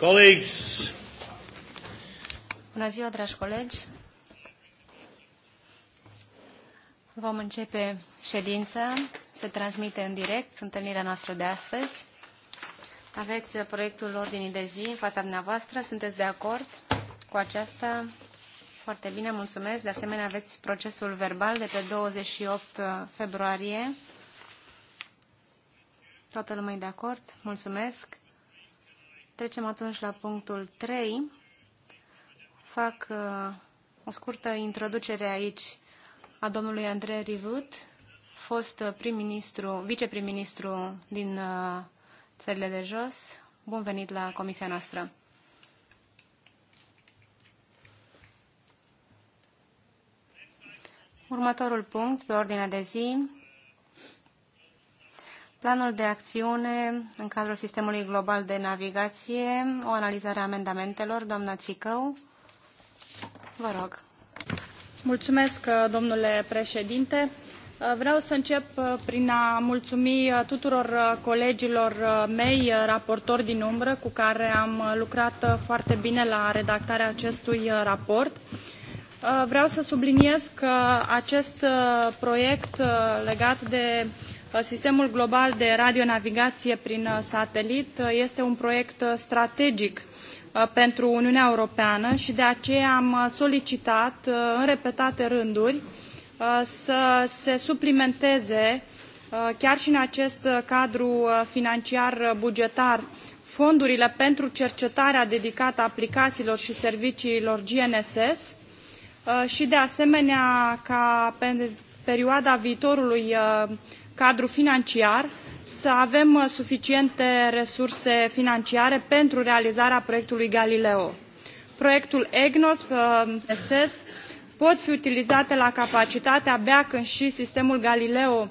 Colleagues. Bună ziua, dragi colegi. Vom începe ședința. Se transmite în direct întâlnirea noastră de astăzi. Aveți proiectul ordinii de zi în fața dumneavoastră. Sunteți de acord cu aceasta? Foarte bine, mulțumesc. De asemenea, aveți procesul verbal de pe 28 februarie. Toată lumea e de acord? Mulțumesc. Trecem atunci la punctul 3. Fac uh, o scurtă introducere aici a domnului Andrei Rivut, fost uh, prim-ministru, viceprim-ministru din uh, țările de jos. Bun venit la comisia noastră. Următorul punct pe ordinea de zi Planul de acțiune în cadrul sistemului global de navigație, o analizare a amendamentelor, doamna Țicău. Vă rog. Mulțumesc, uh, domnule președinte. Uh, vreau să încep uh, prin a mulțumi tuturor colegilor mei, raportori din umbră, cu care am lucrat foarte bine la redactarea acestui raport. Vreau să subliniez că acest proiect legat de uh, Uh, sistemul global de radionavigație prin uh, satelit uh, este un proiect strategic pentru Uniunea Europeană și de aceea am solicitat în repetate rânduri să se suplimenteze chiar și în acest cadru financiar bugetar fondurile pentru cercetarea dedicată aplicațiilor și serviciilor GNSS și de asemenea ca pe perioada viitorului cadru financiar să avem uh, suficiente resurse financiare pentru realizarea proiectului Galileo. Proiectul EGNOS, SES, uh, pot fi utilizate la capacitate abia când și sistemul Galileo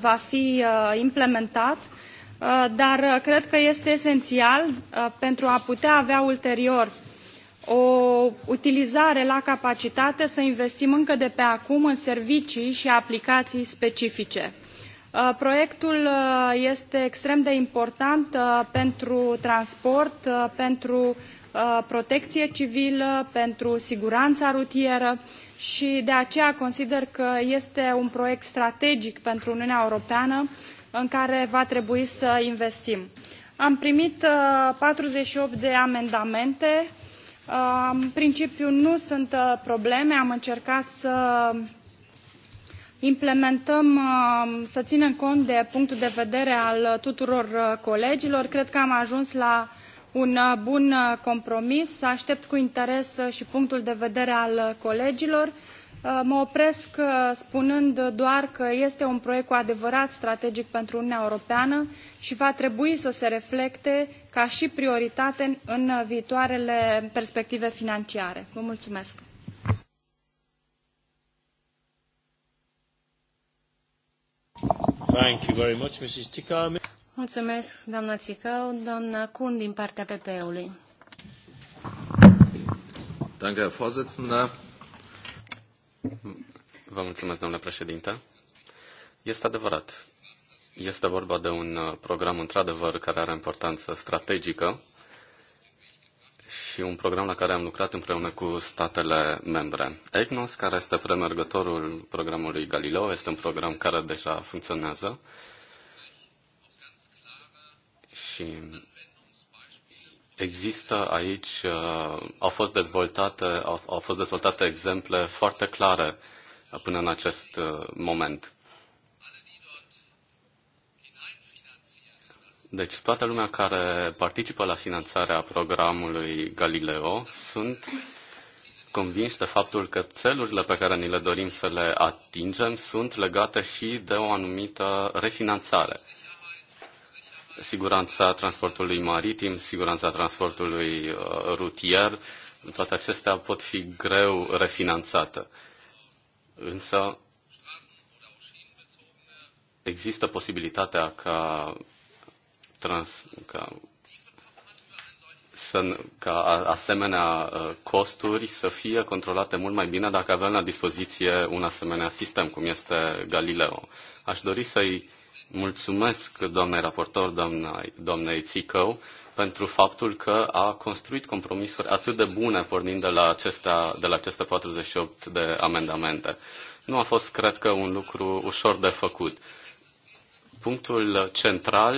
va fi uh, implementat, dar cred că este esențial pentru a putea avea ulterior o utilizare la capacitate să investim încă de pe acum în servicii și aplicații specifice. Uh, proiectul uh, este extrem de important uh, pentru transport, pentru protecție civilă, pentru siguranța rutieră și de aceea consider că este un proiect strategic pentru Uniunea Europeană în care va trebui să investim. Am primit 48 de amendamente. În principiu nu sunt probleme, am încercat să implementăm, um, să ținem cont de punctul de vedere al tuturor uh, colegilor. Cred că am ajuns la un uh, bun uh, compromis. Aștept cu interes și punctul de vedere al colegilor. Mă opresc spunând doar că este un proiect cu adevărat strategic pentru Uniunea Europeană și va trebui să se reflecte ca și prioritate în viitoarele perspective financiare. Vă mulțumesc! Mulțumesc, doamna Țicău. Doamna Kun din partea PP-ului. Vă mulțumesc, domnule președinte. Este adevărat. Este vorba de un program, într-adevăr, care are importanță strategică și un program la care am lucrat împreună cu statele membre. EGNOS, care este premergătorul programului Galileo, este un program care deja funcționează și există aici, uh, au fost dezvoltate, au, au fost dezvoltate exemple foarte clare până în acest uh, moment. Deci toată lumea care participă la finanțarea programului Galileo sunt convinși de faptul că țelurile pe care ni le dorim să le atingem sunt legate și de o anumită refinanțare. Siguranța transportului maritim, siguranța transportului uh, rutier, toate acestea pot fi greu refinanțate. Însă există posibilitatea ca trans, ca, să, ca asemenea ă, costuri să fie controlate mult mai bine dacă avem la dispoziție un asemenea sistem, cum este Galileo. Aș dori să-i mulțumesc doamnei raportor, doamna, doamnei Țicău, pentru faptul că a construit compromisuri atât de bune pornind de la, acestea, de la aceste 48 de amendamente. Nu a fost, cred că, un lucru ușor de făcut punctul central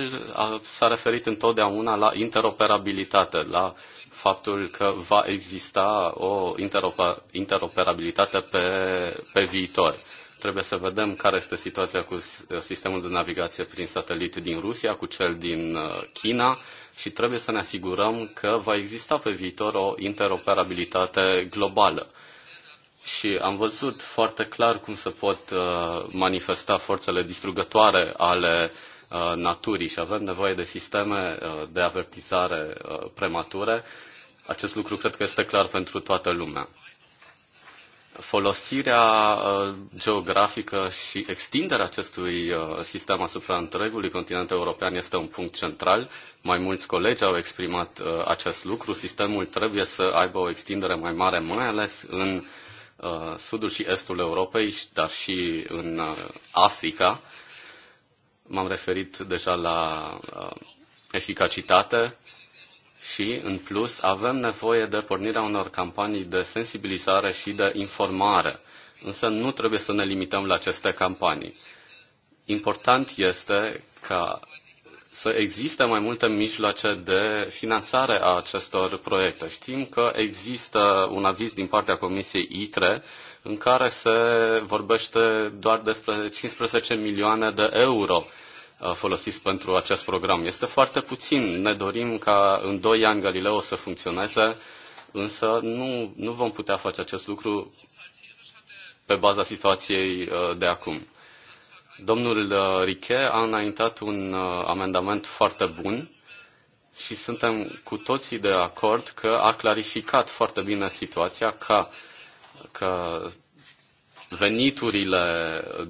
s-a referit întotdeauna la interoperabilitate, la faptul că va exista o interoperabilitate pe, pe viitor. Trebuie să vedem care este situația cu sistemul de navigație prin satelit din Rusia, cu cel din uh, China și trebuie să ne asigurăm că va exista pe viitor o interoperabilitate globală și am văzut foarte clar cum se pot uh, manifesta forțele distrugătoare ale uh, naturii și avem nevoie de sisteme uh, de avertizare premature. Acest lucru cred că este clar pentru toată lumea. Folosirea geografică și extinderea acestui sistem asupra întregului continent european este un punct central. Mai mulți colegi au exprimat acest lucru. Sistemul trebuie să aibă o extindere mai mare, mai ales în Uh, sudul și estul Europei, dar și în uh, Africa. M-am referit deja la uh, eficacitate și, în plus, avem nevoie de pornirea unor campanii de sensibilizare și de informare. Însă nu trebuie să ne limităm la aceste campanii. Important este ca să existe mai multe mijloace de finanțare a acestor proiecte. Știm că există un aviz din partea Comisiei ITRE în care se vorbește doar despre 15 milioane de euro uh, folosiți pentru acest program. Este foarte puțin. Ne dorim ca în 2 ani Galileo să funcționeze, însă nu, nu vom putea face acest lucru pe baza situației uh, de acum. Domnul uh, Riche a înaintat un uh, amendament foarte bun și suntem cu toții de acord că a clarificat foarte bine situația ca că veniturile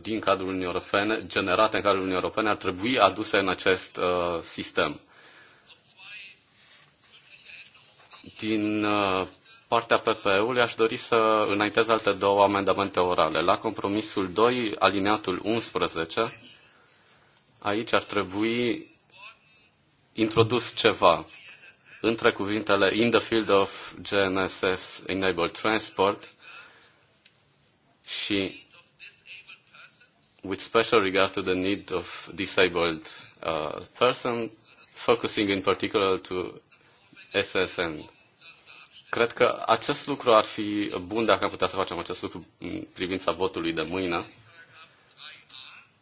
din cadrul Uniunii Europene, generate în cadrul Uniunii Europene, ar trebui aduse în acest uh, sistem. Din uh, partea PPE-ului aș dori să înaintez alte două amendamente orale. La compromisul 2, alineatul 11, aici ar trebui introdus ceva între cuvintele in the field of GNSS enabled transport și with special regard to the need of disabled uh, person, focusing in particular to SSN. Cred că acest lucru ar fi bun dacă am putea să facem acest lucru în privința votului de mâine.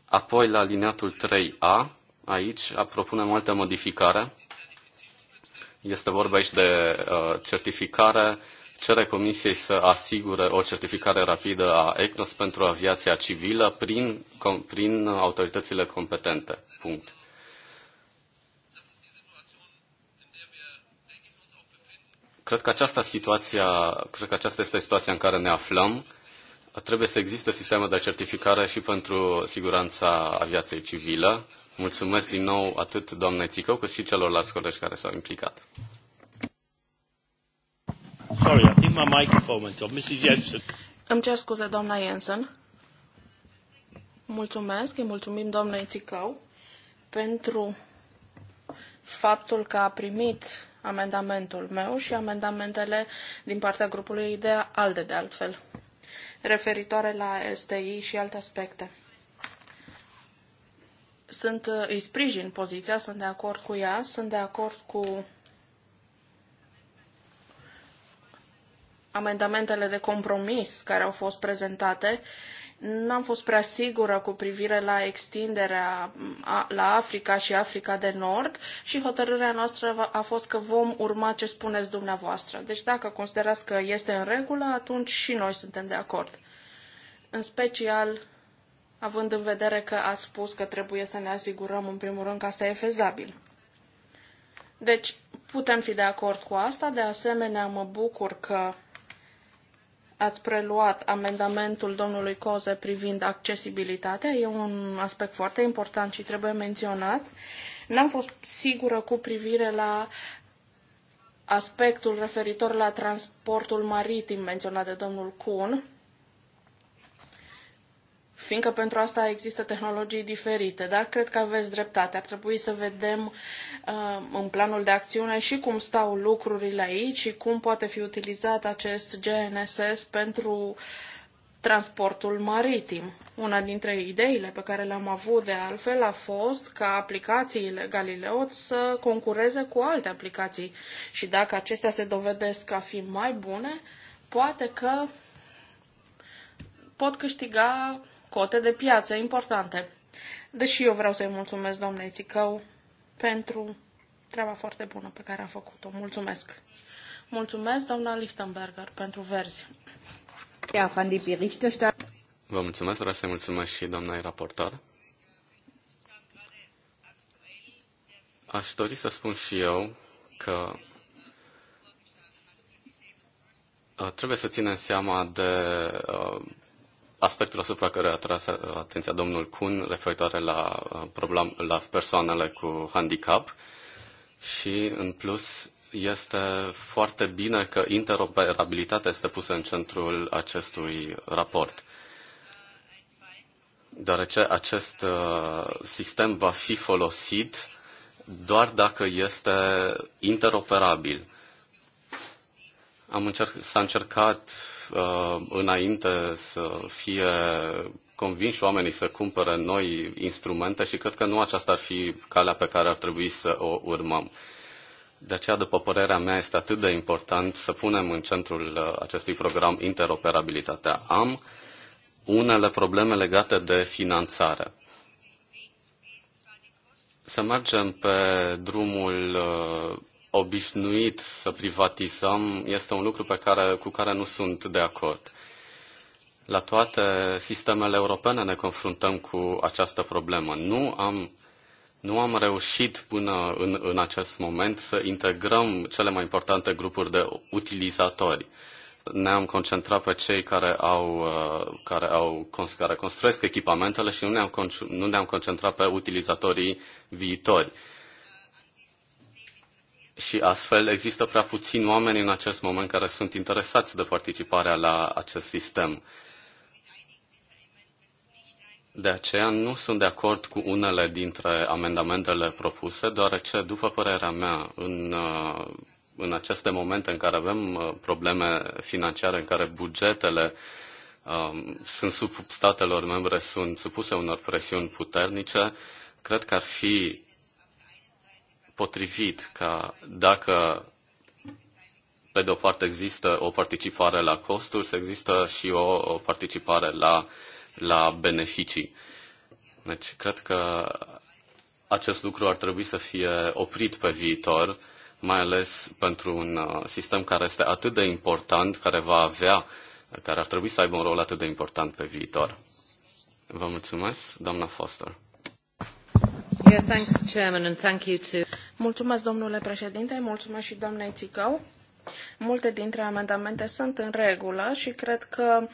Apoi la alineatul 3A, aici propunem o altă modificare. Este vorba aici de uh, certificare. Cere Comisiei să asigure o certificare rapidă a ECNOS pentru aviația civilă prin, com, prin autoritățile competente. Punct. Cred că, aceasta situația, cred că aceasta este situația în care ne aflăm. Trebuie să existe sisteme de certificare și pentru siguranța aviației civile. Mulțumesc din nou atât doamnei Țicău cât și celorlalți colegi care s-au implicat. Sorry, I think my microphone went off. Mrs. Jensen. Îmi cer scuze, doamna Jensen. Mulțumesc, îi mulțumim doamnei Țicău pentru faptul că a primit amendamentul meu și amendamentele din partea grupului de ALDE, de altfel, referitoare la STI și alte aspecte. Sunt, uh, îi sprijin poziția, sunt de acord cu ea, sunt de acord cu amendamentele de compromis care au fost prezentate N-am fost prea sigură cu privire la extinderea la Africa și Africa de Nord și hotărârea noastră a fost că vom urma ce spuneți dumneavoastră. Deci dacă considerați că este în regulă, atunci și noi suntem de acord. În special, având în vedere că ați spus că trebuie să ne asigurăm în primul rând că asta e fezabil. Deci, putem fi de acord cu asta. De asemenea, mă bucur că ați preluat amendamentul domnului Coze privind accesibilitatea. E un aspect foarte important și trebuie menționat. N-am fost sigură cu privire la aspectul referitor la transportul maritim menționat de domnul Kuhn fiindcă pentru asta există tehnologii diferite, dar cred că aveți dreptate. Ar trebui să vedem uh, în planul de acțiune și cum stau lucrurile aici și cum poate fi utilizat acest GNSS pentru transportul maritim. Una dintre ideile pe care le-am avut de altfel a fost ca aplicațiile Galileo să concureze cu alte aplicații și dacă acestea se dovedesc a fi mai bune, poate că pot câștiga cote de piață importante. Deși eu vreau să-i mulțumesc doamnei Țicău pentru treaba foarte bună pe care a făcut-o. Mulțumesc! Mulțumesc, doamna Lichtenberger, pentru verzi. Vă mulțumesc, vreau să-i mulțumesc și doamnei raportor. Aș dori să spun și eu că uh, trebuie să ținem seama de uh, aspectul asupra care a tras atenția domnul Kuhn referitoare la, uh, problem, la persoanele cu handicap și, în plus, este foarte bine că interoperabilitatea este pusă în centrul acestui raport deoarece acest uh, sistem va fi folosit doar dacă este interoperabil. Am încerc, s-a încercat uh, înainte să fie convinși oamenii să cumpere noi instrumente și cred că nu aceasta ar fi calea pe care ar trebui să o urmăm. De aceea, după părerea mea, este atât de important să punem în centrul uh, acestui program interoperabilitatea. Am unele probleme legate de finanțare. Să mergem pe drumul uh, obișnuit să privatizăm este un lucru pe care, cu care nu sunt de acord. La toate sistemele europene ne confruntăm cu această problemă. Nu am, nu am reușit până în, în acest moment să integrăm cele mai importante grupuri de utilizatori. Ne-am concentrat pe cei care, au, uh, care, au, care construiesc echipamentele și nu ne-am, nu ne-am concentrat pe utilizatorii viitori și astfel există prea puțini oameni în acest moment care sunt interesați de participarea la acest sistem. De aceea nu sunt de acord cu unele dintre amendamentele propuse, deoarece, după părerea mea, în, uh, în aceste momente în care avem uh, probleme financiare, în care bugetele um, sunt sub statelor membre sunt supuse unor presiuni puternice, cred că ar fi potrivit ca dacă pe de o parte există o participare la costuri, să există și o, o participare la, la beneficii. Deci cred că acest lucru ar trebui să fie oprit pe viitor, mai ales pentru un uh, sistem care este atât de important, care va avea, care ar trebui să aibă un rol atât de important pe viitor. Vă mulțumesc, doamna Foster. Mulțumesc, domnule președinte, mulțumesc și doamnei Țicău. Multe dintre amendamente sunt în regulă și cred că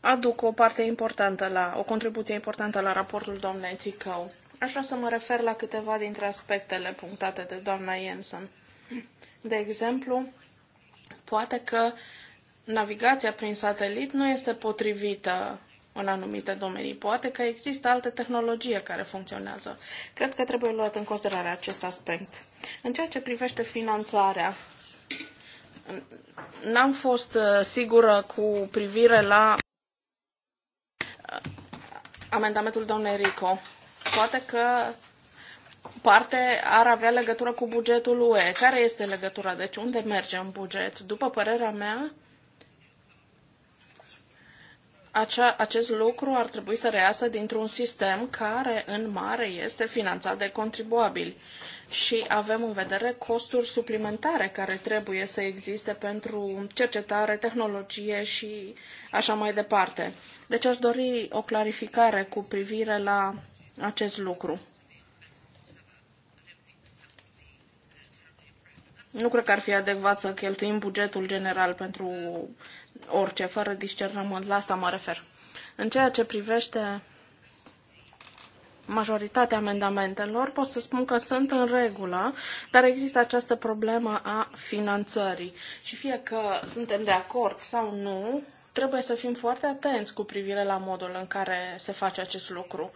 aduc o parte importantă la, o contribuție importantă la raportul doamnei Țicău. Aș vrea să mă refer la câteva dintre aspectele punctate de doamna Jensen. De exemplu, poate că navigația prin satelit nu este potrivită în anumite domenii. Poate că există altă tehnologie care funcționează. Cred că trebuie luat în considerare acest aspect. În ceea ce privește finanțarea, n-am fost uh, sigură cu privire la uh, amendamentul domnului Rico. Poate că parte ar avea legătură cu bugetul UE. Care este legătura? Deci unde merge în buget? După părerea mea, acea, acest lucru ar trebui să reiasă dintr-un sistem care, în mare, este finanțat de contribuabili. Și avem în vedere costuri suplimentare care trebuie să existe pentru cercetare, tehnologie și așa mai departe. Deci aș dori o clarificare cu privire la acest lucru. Nu cred că ar fi adecvat să cheltuim bugetul general pentru orice, fără discernământ. La asta mă refer. În ceea ce privește majoritatea amendamentelor, pot să spun că sunt în regulă, dar există această problemă a finanțării. Și fie că suntem de acord sau nu, trebuie să fim foarte atenți cu privire la modul în care se face acest lucru.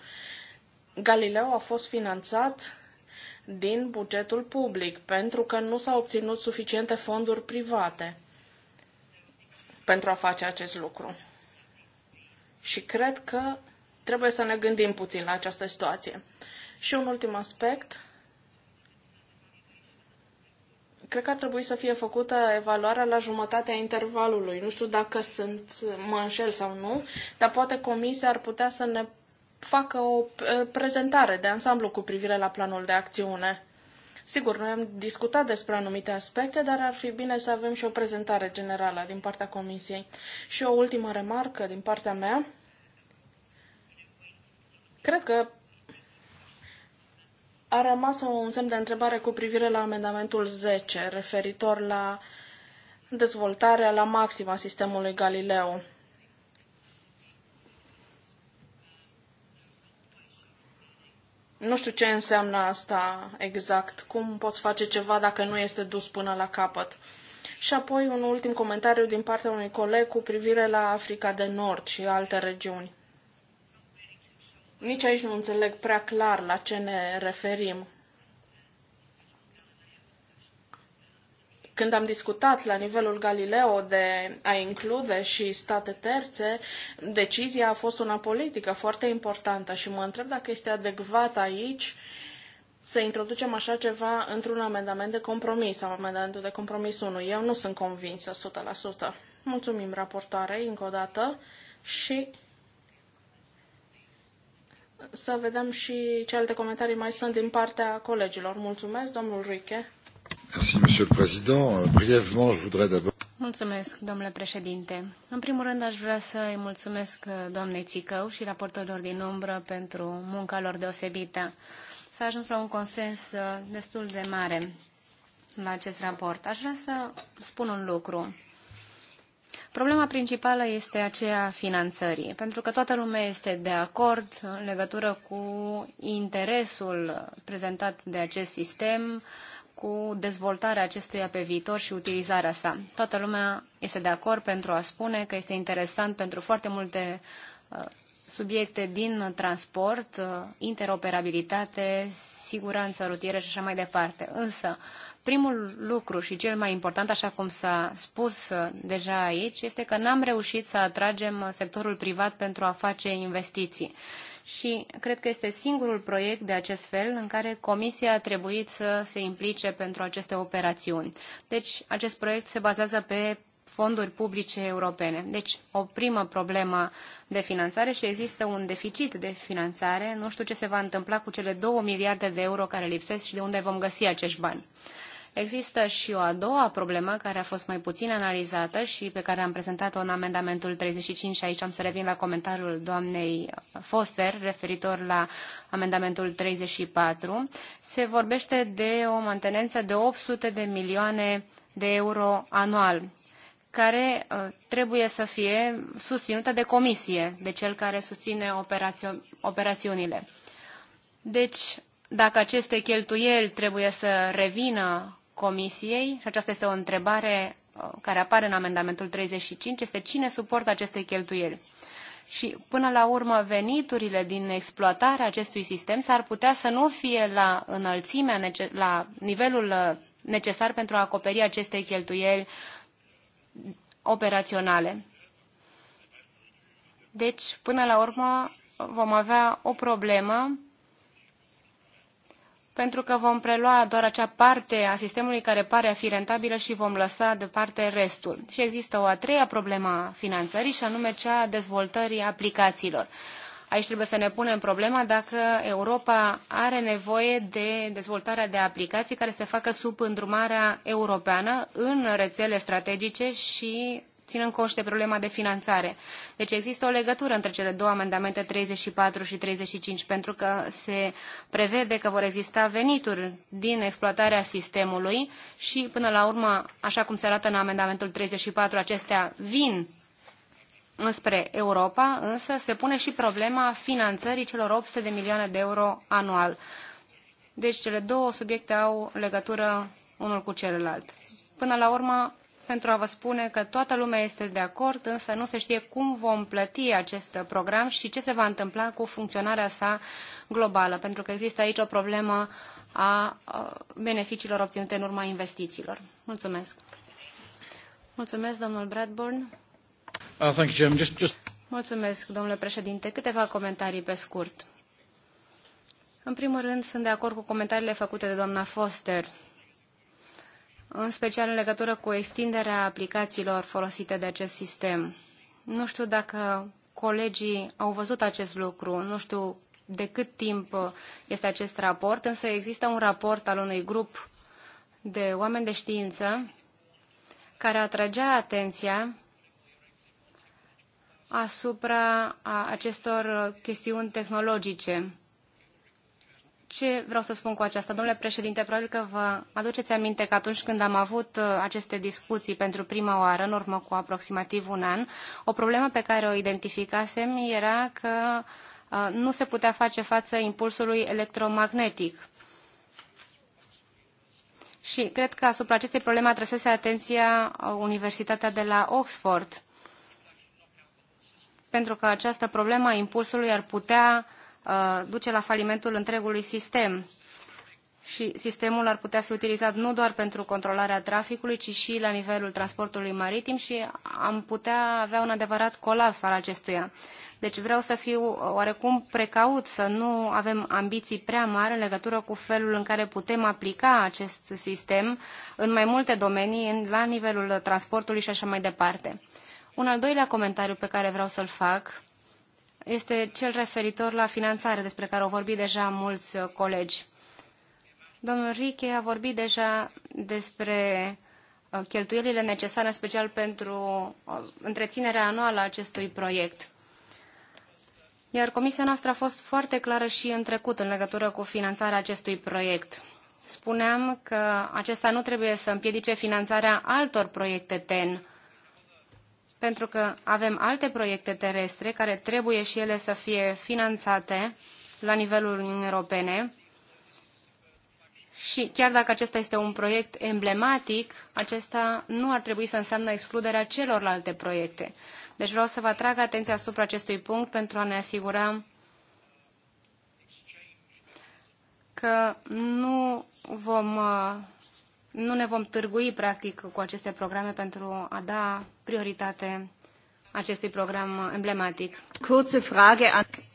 Galileo a fost finanțat din bugetul public, pentru că nu s-au obținut suficiente fonduri private pentru a face acest lucru. Și cred că trebuie să ne gândim puțin la această situație. Și un ultim aspect. Cred că ar trebui să fie făcută evaluarea la jumătatea intervalului. Nu știu dacă sunt, mă înșel sau nu, dar poate comisia ar putea să ne facă o eh, prezentare de ansamblu cu privire la planul de acțiune. Sigur, noi am discutat despre anumite aspecte, dar ar fi bine să avem și o prezentare generală din partea Comisiei. Și o ultimă remarcă din partea mea. Cred că a rămas un semn de întrebare cu privire la amendamentul 10, referitor la dezvoltarea la maxim a sistemului Galileo. Nu știu ce înseamnă asta exact, cum poți face ceva dacă nu este dus până la capăt. Și apoi un ultim comentariu din partea unui coleg cu privire la Africa de Nord și alte regiuni. Nici aici nu înțeleg prea clar la ce ne referim. Când am discutat la nivelul Galileo de a include și state terțe, decizia a fost una politică foarte importantă și mă întreb dacă este adecvat aici să introducem așa ceva într-un amendament de compromis sau amendamentul de compromis 1. Eu nu sunt convinsă 100%. Mulțumim raportoarei încă o dată și să vedem și ce alte comentarii mai sunt din partea colegilor. Mulțumesc, domnul Ruiche. Euh, mulțumesc, domnule președinte. În primul rând, aș vrea să îi mulțumesc uh, doamnei icău și raportorilor din umbră pentru munca lor deosebită. S-a ajuns la un consens uh, destul de mare la acest raport. Aș vrea să spun un lucru. Problema principală este aceea finanțării, pentru că toată lumea este de acord în legătură cu interesul prezentat de acest sistem, cu dezvoltarea acestuia pe viitor și utilizarea sa. Toată lumea este de acord pentru a spune că este interesant pentru foarte multe uh, subiecte din transport, uh, interoperabilitate, siguranță rutieră și așa mai departe. Însă, primul lucru și cel mai important, așa cum s-a spus uh, deja aici, este că n-am reușit să atragem sectorul privat pentru a face investiții și cred că este singurul proiect de acest fel în care Comisia a trebuit să se implice pentru aceste operațiuni. Deci, acest proiect se bazează pe fonduri publice europene. Deci, o primă problemă de finanțare și există un deficit de finanțare. Nu știu ce se va întâmpla cu cele 2 miliarde de euro care lipsesc și de unde vom găsi acești bani. Există și o a doua problemă care a fost mai puțin analizată și pe care am prezentat-o în amendamentul 35 și aici am să revin la comentariul doamnei Foster referitor la amendamentul 34. Se vorbește de o mantenență de 800 de milioane de euro anual care uh, trebuie să fie susținută de comisie, de cel care susține operațio- operațiunile. Deci, dacă aceste cheltuieli trebuie să revină Comisiei, și aceasta este o întrebare uh, care apare în amendamentul 35, este cine suportă aceste cheltuieli. Și până la urmă, veniturile din exploatarea acestui sistem s-ar putea să nu fie la înălțimea, la nivelul uh, necesar pentru a acoperi aceste cheltuieli operaționale. Deci, până la urmă, vom avea o problemă pentru că vom prelua doar acea parte a sistemului care pare a fi rentabilă și vom lăsa deoparte restul. Și există o a treia problemă a finanțării și anume cea a dezvoltării aplicațiilor. Aici trebuie să ne punem problema dacă Europa are nevoie de dezvoltarea de aplicații care se facă sub îndrumarea europeană în rețele strategice și ținând cont și de problema de finanțare. Deci există o legătură între cele două amendamente 34 și 35, pentru că se prevede că vor exista venituri din exploatarea sistemului și, până la urmă, așa cum se arată în amendamentul 34, acestea vin înspre Europa, însă se pune și problema finanțării celor 800 de milioane de euro anual. Deci cele două subiecte au legătură unul cu celălalt. Până la urmă, pentru a vă spune că toată lumea este de acord, însă nu se știe cum vom plăti acest program și ce se va întâmpla cu funcționarea sa globală, pentru că există aici o problemă a beneficiilor obținute în urma investițiilor. Mulțumesc. Mulțumesc, domnul Bradburn. Uh, thank you, Jim. Just, just... Mulțumesc, domnule președinte. Câteva comentarii pe scurt. În primul rând, sunt de acord cu comentariile făcute de doamna Foster în special în legătură cu extinderea aplicațiilor folosite de acest sistem. Nu știu dacă colegii au văzut acest lucru, nu știu de cât timp este acest raport, însă există un raport al unui grup de oameni de știință care atragea atenția asupra acestor chestiuni tehnologice ce vreau să spun cu aceasta? Domnule președinte, probabil că vă aduceți aminte că atunci când am avut uh, aceste discuții pentru prima oară, în urmă cu aproximativ un an, o problemă pe care o identificasem era că uh, nu se putea face față impulsului electromagnetic. Și cred că asupra acestei probleme atrăsese atenția uh, Universitatea de la Oxford, pentru că această problemă a impulsului ar putea Uh, duce la falimentul întregului sistem și sistemul ar putea fi utilizat nu doar pentru controlarea traficului, ci și la nivelul transportului maritim și am putea avea un adevărat colaps al acestuia. Deci vreau să fiu oarecum precaut, să nu avem ambiții prea mari în legătură cu felul în care putem aplica acest sistem în mai multe domenii, la nivelul transportului și așa mai departe. Un al doilea comentariu pe care vreau să-l fac este cel referitor la finanțare, despre care au vorbit deja mulți uh, colegi. Domnul Riche a vorbit deja despre uh, cheltuielile necesare, în special pentru uh, întreținerea anuală a acestui proiect. Iar comisia noastră a fost foarte clară și în trecut în legătură cu finanțarea acestui proiect. Spuneam că acesta nu trebuie să împiedice finanțarea altor proiecte TEN, pentru că avem alte proiecte terestre care trebuie și ele să fie finanțate la nivelul Uniunii Europene și chiar dacă acesta este un proiect emblematic, acesta nu ar trebui să înseamnă excluderea celorlalte proiecte. Deci vreau să vă atrag atenția asupra acestui punct pentru a ne asigura că nu, vom, uh, nu ne vom târgui, practic, cu aceste programe pentru a da prioritate acestui program emblematic.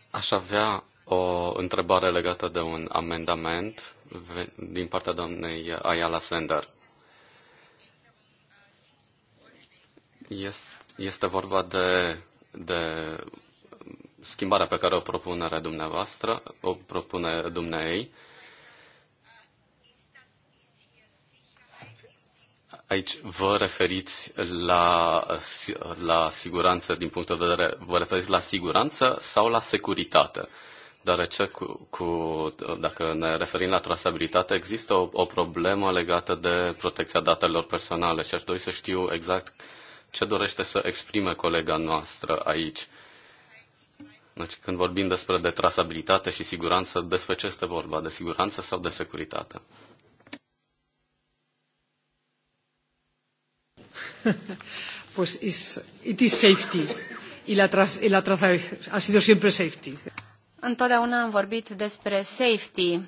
Aș avea o întrebare legată de un amendament din partea doamnei Ayala Sender. Este, este vorba de, de schimbarea pe care o propune dumneavoastră, o propune dumneei. Aici vă referiți la, la siguranță din punct de vedere, vă referiți la siguranță sau la securitate? Deoarece cu, cu, dacă ne referim la trasabilitate, există o, o problemă legată de protecția datelor personale și aș dori să știu exact ce dorește să exprime colega noastră aici. Deci când vorbim despre de trasabilitate și siguranță, despre ce este vorba? De siguranță sau de securitate? pues is, it is safety. Y la, tra y la traza ha sido siempre safety. Întotdeauna am vorbit despre safety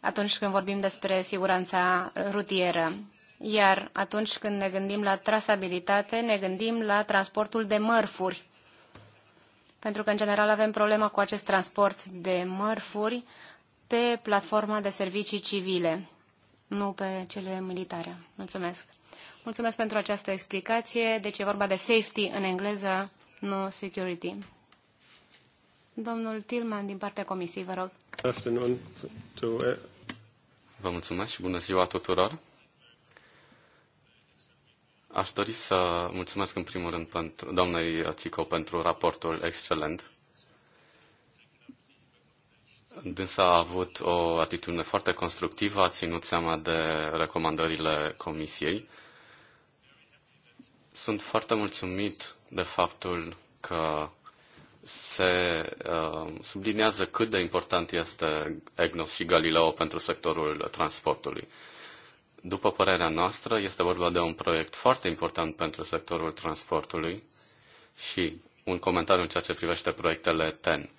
atunci când vorbim despre siguranța rutieră. Iar atunci când ne gândim la trasabilitate, ne gândim la transportul de mărfuri. Pentru că, în general, avem problema cu acest transport de mărfuri pe platforma de servicii civile, nu pe cele militare. Mulțumesc. Mulțumesc pentru această explicație. Deci e vorba de safety în engleză, nu security. Domnul Tilman, din partea comisiei, vă rog. Uh, vă mulțumesc și bună ziua tuturor. Aș dori să mulțumesc în primul rând pentru, doamnei Țico pentru raportul excelent. Dânsa a avut o atitudine foarte constructivă, a ținut seama de recomandările comisiei sunt foarte mulțumit de faptul că se uh, subliniază cât de important este EGNOS și Galileo pentru sectorul transportului. După părerea noastră, este vorba de un proiect foarte important pentru sectorul transportului și un comentariu în ceea ce privește proiectele TEN.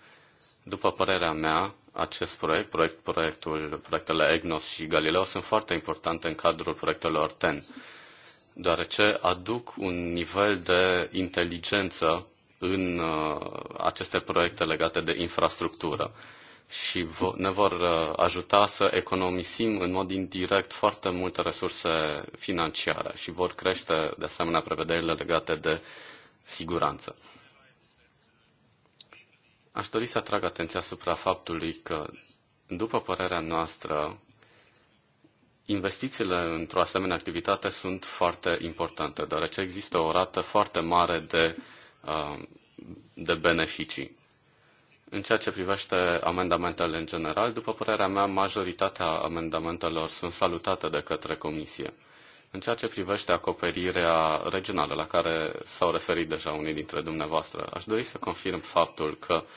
După părerea mea, acest proiect, proiect proiectul, proiectele EGNOS și Galileo sunt foarte importante în cadrul proiectelor TEN deoarece aduc un nivel de inteligență în uh, aceste proiecte legate de infrastructură și ne vor uh, ajuta să economisim în mod indirect foarte multe resurse financiare și vor crește de asemenea prevederile legate de siguranță. Aș dori să atrag atenția asupra faptului că, după părerea noastră, Investițiile într-o asemenea activitate sunt foarte importante, deoarece există o rată foarte mare de, uh, de beneficii. În ceea ce privește amendamentele în general, după părerea mea, majoritatea amendamentelor sunt salutate de către Comisie. În ceea ce privește acoperirea regională, la care s-au referit deja unii dintre dumneavoastră, aș dori să confirm faptul că uh,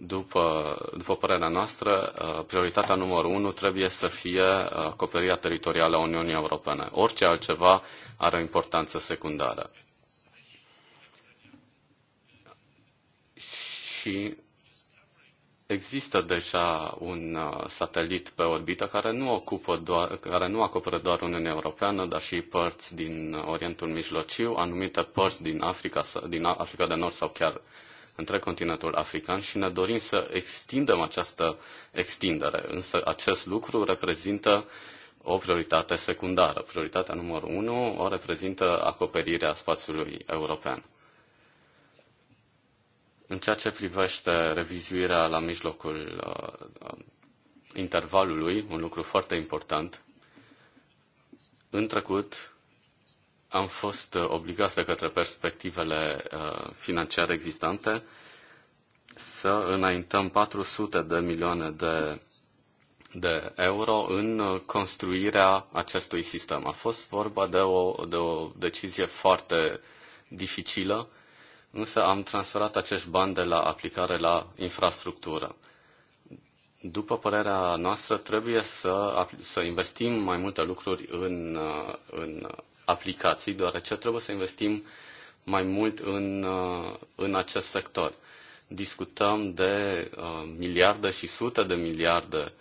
după, după părerea noastră, uh, prioritatea numărul unu trebuie să fie uh, acoperirea teritorială a Uniunii Europene. Orice altceva are o importanță secundară. Și există deja un uh, satelit pe orbită care nu, ocupă doar, care nu acoperă doar Uniunea Europeană, dar și părți din Orientul Mijlociu, anumite părți din Africa, din Africa de Nord sau chiar întreg continentul african și ne dorim să extindem această extindere. Însă acest lucru reprezintă o prioritate secundară. Prioritatea numărul unu o reprezintă acoperirea spațiului european. În ceea ce privește revizuirea la mijlocul uh, intervalului, un lucru foarte important, în trecut am fost uh, obligați de către perspectivele uh, financiare existante să înaintăm 400 de milioane de, de euro în uh, construirea acestui sistem. A fost vorba de o, de o decizie foarte dificilă, însă am transferat acești bani de la aplicare la infrastructură. După părerea noastră, trebuie să, să investim mai multe lucruri în, în aplicații, deoarece trebuie să investim mai mult în, uh, în acest sector. Discutăm de uh, miliarde și sute de miliarde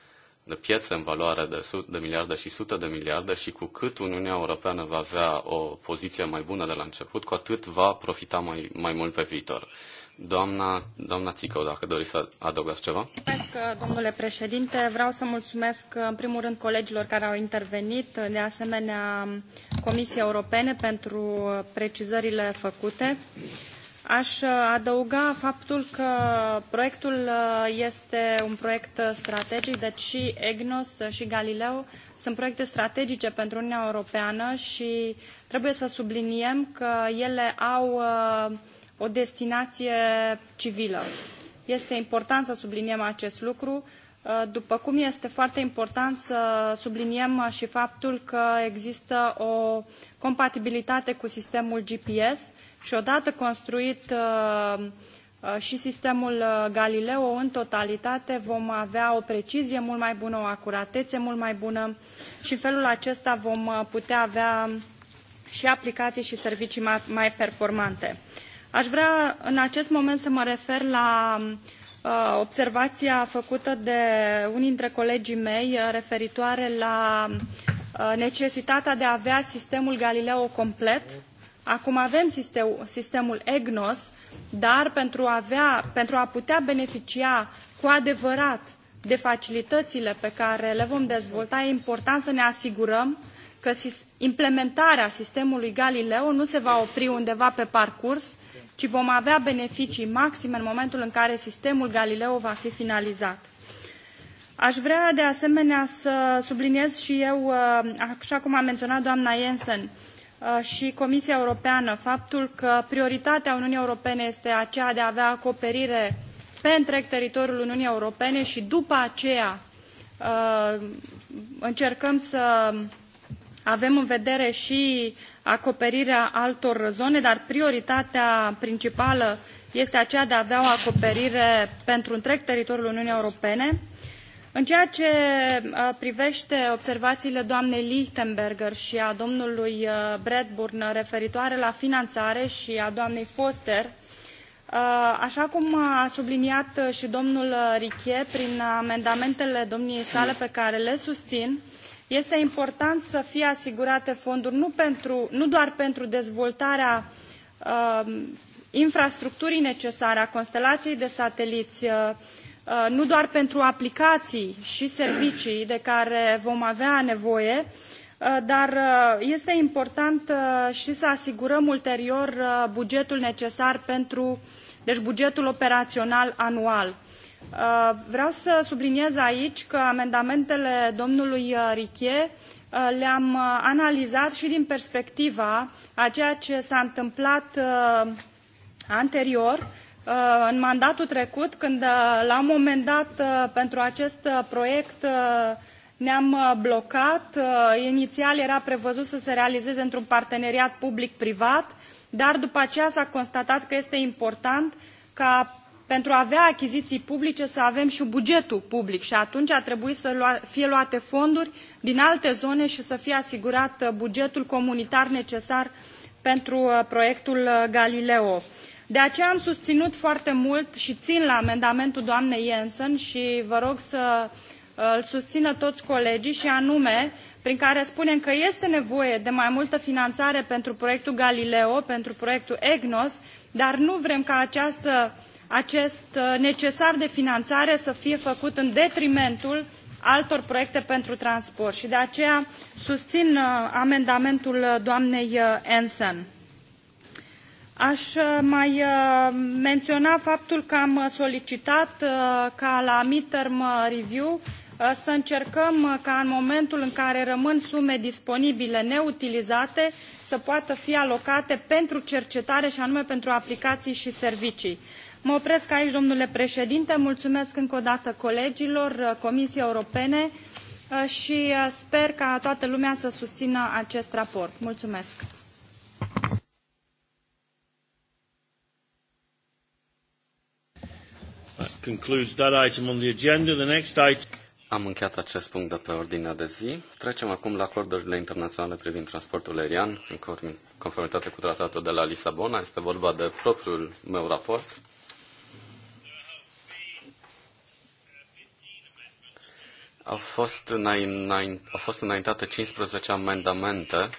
de piețe în valoare de, sute de miliarde și sute de miliarde și cu cât Uniunea Europeană va avea o poziție mai bună de la început, cu atât va profita mai, mai mult pe viitor. Doamna, doamna Țicău, dacă doriți să adăugați ceva. Mulțumesc, domnule președinte. Vreau să mulțumesc, în primul rând, colegilor care au intervenit, de asemenea Comisiei Europene pentru precizările făcute. Aș adăuga faptul că proiectul uh, este un proiect strategic, deci și EGNOS și Galileo sunt proiecte strategice pentru Uniunea Europeană și trebuie să subliniem că ele au uh, o destinație civilă. Este important să subliniem acest lucru, uh, după cum este foarte important să subliniem și faptul că există o compatibilitate cu sistemul GPS și odată construit uh, uh, și sistemul Galileo în totalitate vom avea o precizie mult mai bună, o acuratețe mult mai bună și în felul acesta vom putea avea și aplicații și servicii mai performante. Aș vrea în acest moment să mă refer la uh, observația făcută de unii dintre colegii mei uh, referitoare la uh, necesitatea de a avea sistemul Galileo complet. Acum avem sistem, sistemul EGNOS, dar pentru a, avea, pentru a putea beneficia cu adevărat de facilitățile pe care le vom dezvolta, e important să ne asigurăm că implementarea sistemului Galileo nu se va opri undeva pe parcurs, ci vom avea beneficii maxime în momentul în care sistemul Galileo va fi finalizat. Aș vrea de asemenea să subliniez și eu, uh, așa cum a menționat doamna Jensen, uh, și Comisia Europeană faptul că prioritatea Uniunii Europene este aceea de a avea acoperire pe întreg teritoriul Uniunii Europene și după aceea uh, încercăm să avem în vedere și acoperirea altor zone, dar prioritatea principală este aceea de a avea o acoperire pentru întreg teritoriul Uniunii Europene. În ceea ce uh, privește observațiile doamnei Lichtenberger și a domnului uh, Bradburn referitoare la finanțare și a doamnei Foster, uh, Așa cum a subliniat și domnul Riche prin amendamentele domniei sale pe care le susțin, este important să fie asigurate fonduri nu, pentru, nu doar pentru dezvoltarea uh, infrastructurii necesare a constelației de sateliți, uh, uh, nu doar pentru aplicații și servicii de care vom avea nevoie, uh, dar uh, este important și să asigurăm ulterior bugetul necesar pentru, deci bugetul operațional anual Uh, vreau să subliniez aici că amendamentele domnului uh, Riche uh, le-am analizat și din perspectiva a ceea ce s-a întâmplat anterior, în mandatul trecut, când la un moment dat pentru acest proiect ne-am blocat. Inițial era prevăzut să se realizeze într-un parteneriat public-privat, dar după aceea s-a constatat că este important ca pentru a avea achiziții publice să avem și bugetul public și atunci ar trebui să lua, fie luate fonduri din alte zone și să fie asigurat uh, bugetul comunitar necesar pentru uh, proiectul uh, Galileo. De aceea am susținut foarte mult și țin la amendamentul doamnei Jensen și vă rog să îl susțină toți colegii și anume prin care spunem că este nevoie de mai multă finanțare pentru proiectul Galileo, pentru proiectul EGNOS, dar nu vrem ca această acest uh, necesar de finanțare să fie făcut în detrimentul altor proiecte pentru transport și de aceea susțin uh, amendamentul uh, doamnei Ensen. Aș mai menționa faptul că am solicitat ca la midterm review să încercăm ca în momentul în care rămân sume disponibile neutilizate să poată fi alocate pentru cercetare și anume pentru aplicații și servicii Mă opresc aici, domnule președinte. Mulțumesc încă o dată colegilor uh, Comisiei Europene uh, și uh, sper ca toată lumea să susțină acest raport. Mulțumesc! Am încheiat acest punct de pe ordinea de zi. Trecem acum la acordurile internaționale privind transportul aerian, în conformitate cu tratatul de la Lisabona. Este vorba de propriul meu raport. Au fost, înain, au fost înaintate 15 amendamente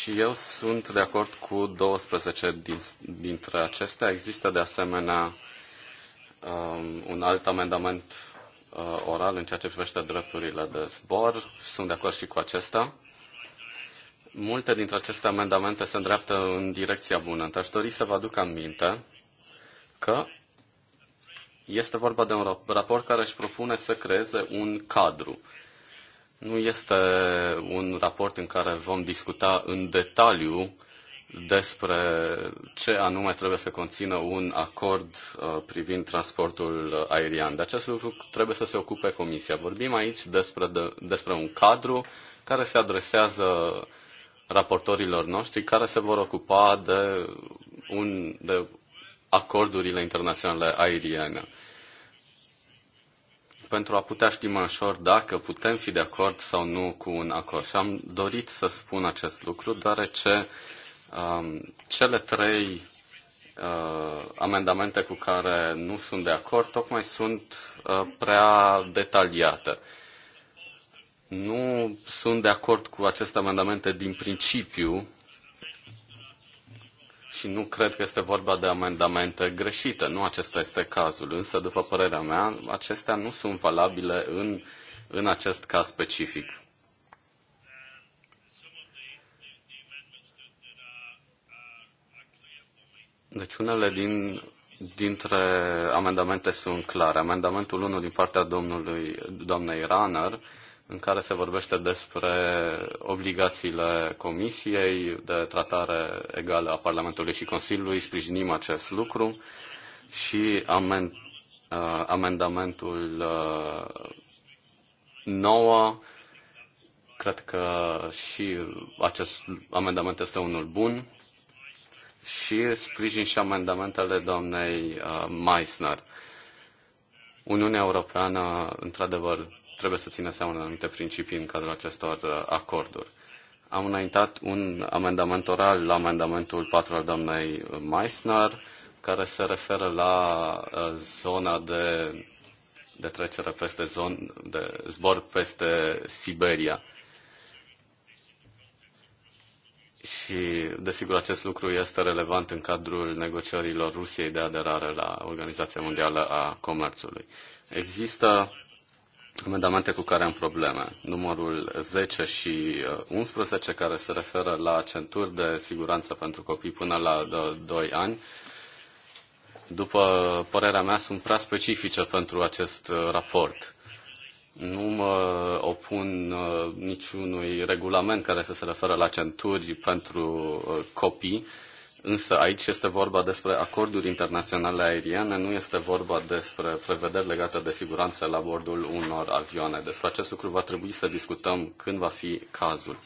și eu sunt de acord cu 12 din, dintre acestea. Există de asemenea um, un alt amendament uh, oral în ceea ce privește drepturile de zbor. Sunt de acord și cu acesta. Multe dintre aceste amendamente se îndreaptă în direcția bună. Aș dori să vă aduc aminte că este vorba de un raport care își propune să creeze un cadru. Nu este un raport în care vom discuta în detaliu despre ce anume trebuie să conțină un acord uh, privind transportul aerian. De acest lucru trebuie să se ocupe Comisia. Vorbim aici despre, de, despre un cadru care se adresează raportorilor noștri care se vor ocupa de, un, de acordurile internaționale aeriene. Pentru a putea ști mai ușor dacă putem fi de acord sau nu cu un acord. Și am dorit să spun acest lucru, deoarece um, cele trei uh, amendamente cu care nu sunt de acord tocmai sunt uh, prea detaliate. Nu sunt de acord cu aceste amendamente din principiu, și nu cred că este vorba de amendamente greșite. Nu acesta este cazul, însă, după părerea mea, acestea nu sunt valabile în, în acest caz specific. Deci unele din, dintre amendamente sunt clare. Amendamentul 1 din partea domnului, doamnei Runner în care se vorbește despre obligațiile Comisiei de tratare egală a Parlamentului și Consiliului. Sprijinim acest lucru și amen, uh, amendamentul uh, 9. Cred că și acest amendament este unul bun și sprijin și amendamentele doamnei uh, Meissner. Uniunea Europeană, într-adevăr, trebuie să țină seama de anumite principii în cadrul acestor uh, acorduri. Am înaintat un amendament oral la amendamentul 4 al doamnei Meissner, care se referă la uh, zona de, de trecere peste zon, de zbor peste Siberia. Și, desigur, acest lucru este relevant în cadrul negocierilor Rusiei de aderare la Organizația Mondială a Comerțului. Există amendamente cu care am probleme. Numărul 10 și 11, uh, care se referă la centuri de siguranță pentru copii până la 2 uh, ani, după părerea mea, sunt prea specifice pentru acest uh, raport. Nu mă opun niciunui regulament care să se referă la centuri pentru copii, Însă aici este vorba despre acorduri internaționale aeriene, nu este vorba despre prevederi legate de siguranță la bordul unor avioane. Despre acest lucru va trebui să discutăm când va fi cazul.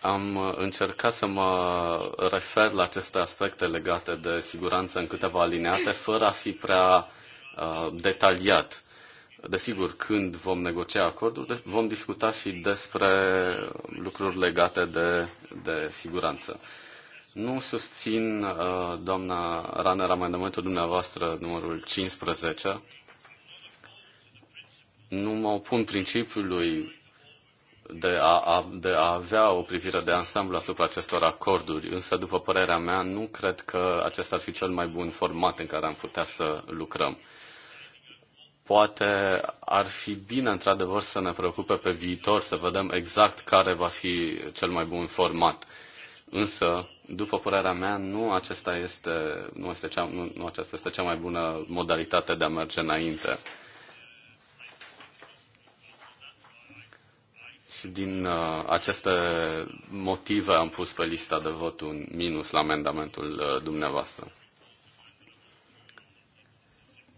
Am încercat să mă refer la aceste aspecte legate de siguranță în câteva alineate, fără a fi prea uh, detaliat. Desigur, când vom negocia acordul, vom discuta și despre lucruri legate de, de siguranță. Nu susțin, uh, doamna Raner, amendamentul dumneavoastră numărul 15. Nu mă opun principiului de a, a, de a avea o privire de ansamblu asupra acestor acorduri, însă, după părerea mea, nu cred că acesta ar fi cel mai bun format în care am putea să lucrăm poate ar fi bine, într-adevăr, să ne preocupe pe viitor, să vedem exact care va fi cel mai bun format. Însă, după părerea mea, nu, acesta este, nu, este cea, nu, nu aceasta este cea mai bună modalitate de a merge înainte. Și din uh, aceste motive am pus pe lista de vot un minus la amendamentul uh, dumneavoastră.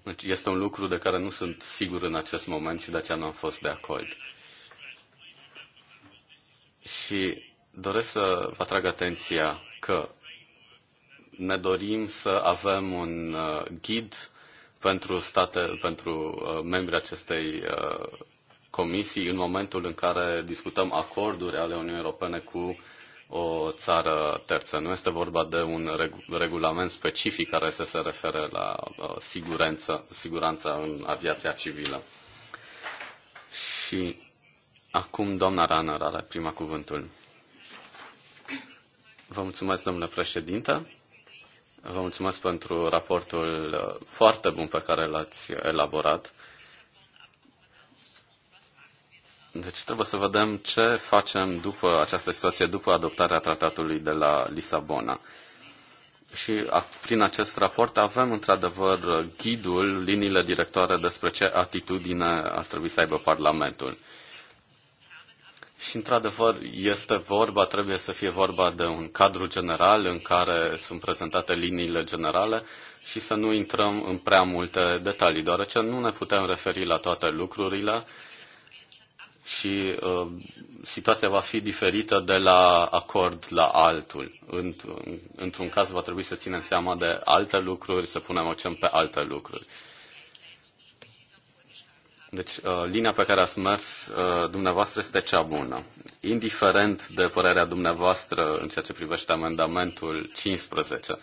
Deci este un lucru de care nu sunt sigur în acest moment și de aceea nu am fost de acord. Și doresc să vă atrag atenția că ne dorim să avem un uh, ghid pentru state, pentru uh, membrii acestei uh, comisii în momentul în care discutăm acorduri ale Uniunii Europene cu o țară terță. Nu este vorba de un regulament specific care să se refere la uh, siguranța în aviația civilă. Și acum doamna Raner are prima cuvântul. Vă mulțumesc, domnule președinte. Vă mulțumesc pentru raportul uh, foarte bun pe care l-ați elaborat. Deci trebuie să vedem ce facem după această situație, după adoptarea tratatului de la Lisabona. Și a, prin acest raport avem într-adevăr ghidul, liniile directoare despre ce atitudine ar trebui să aibă Parlamentul. Și într-adevăr este vorba, trebuie să fie vorba de un cadru general în care sunt prezentate liniile generale și să nu intrăm în prea multe detalii, deoarece nu ne putem referi la toate lucrurile și uh, situația va fi diferită de la acord la altul. Într-un caz va trebui să ținem seama de alte lucruri, să punem accent pe alte lucruri. Deci, uh, linia pe care ați mers uh, dumneavoastră este cea bună. Indiferent de părerea dumneavoastră în ceea ce privește amendamentul 15,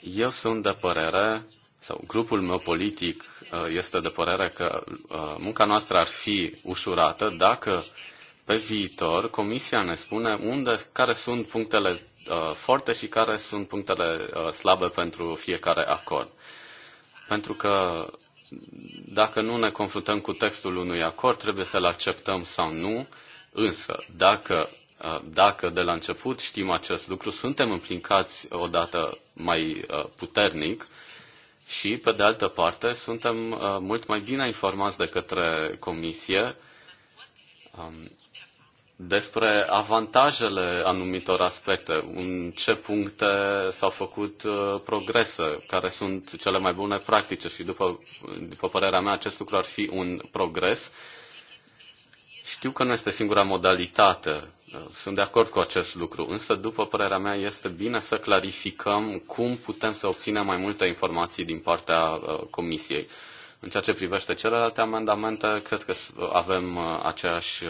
eu sunt de părere sau grupul meu politic uh, este de părere că uh, munca noastră ar fi ușurată dacă pe viitor Comisia ne spune unde, care sunt punctele uh, forte și care sunt punctele slabe pentru fiecare acord. Pentru că dacă nu ne confruntăm cu textul unui acord, trebuie să-l acceptăm sau nu, însă dacă, dacă de la început știm acest lucru, suntem implicați odată mai puternic, și, pe de altă parte, suntem uh, mult mai bine informați de către Comisie um, despre avantajele anumitor aspecte, în ce puncte s-au făcut uh, progrese, care sunt cele mai bune practice și, după, după părerea mea, acest lucru ar fi un progres. Știu că nu este singura modalitate sunt de acord cu acest lucru, însă, după părerea mea, este bine să clarificăm cum putem să obținem mai multe informații din partea uh, Comisiei. În ceea ce privește celelalte amendamente, cred că uh, avem uh, aceeași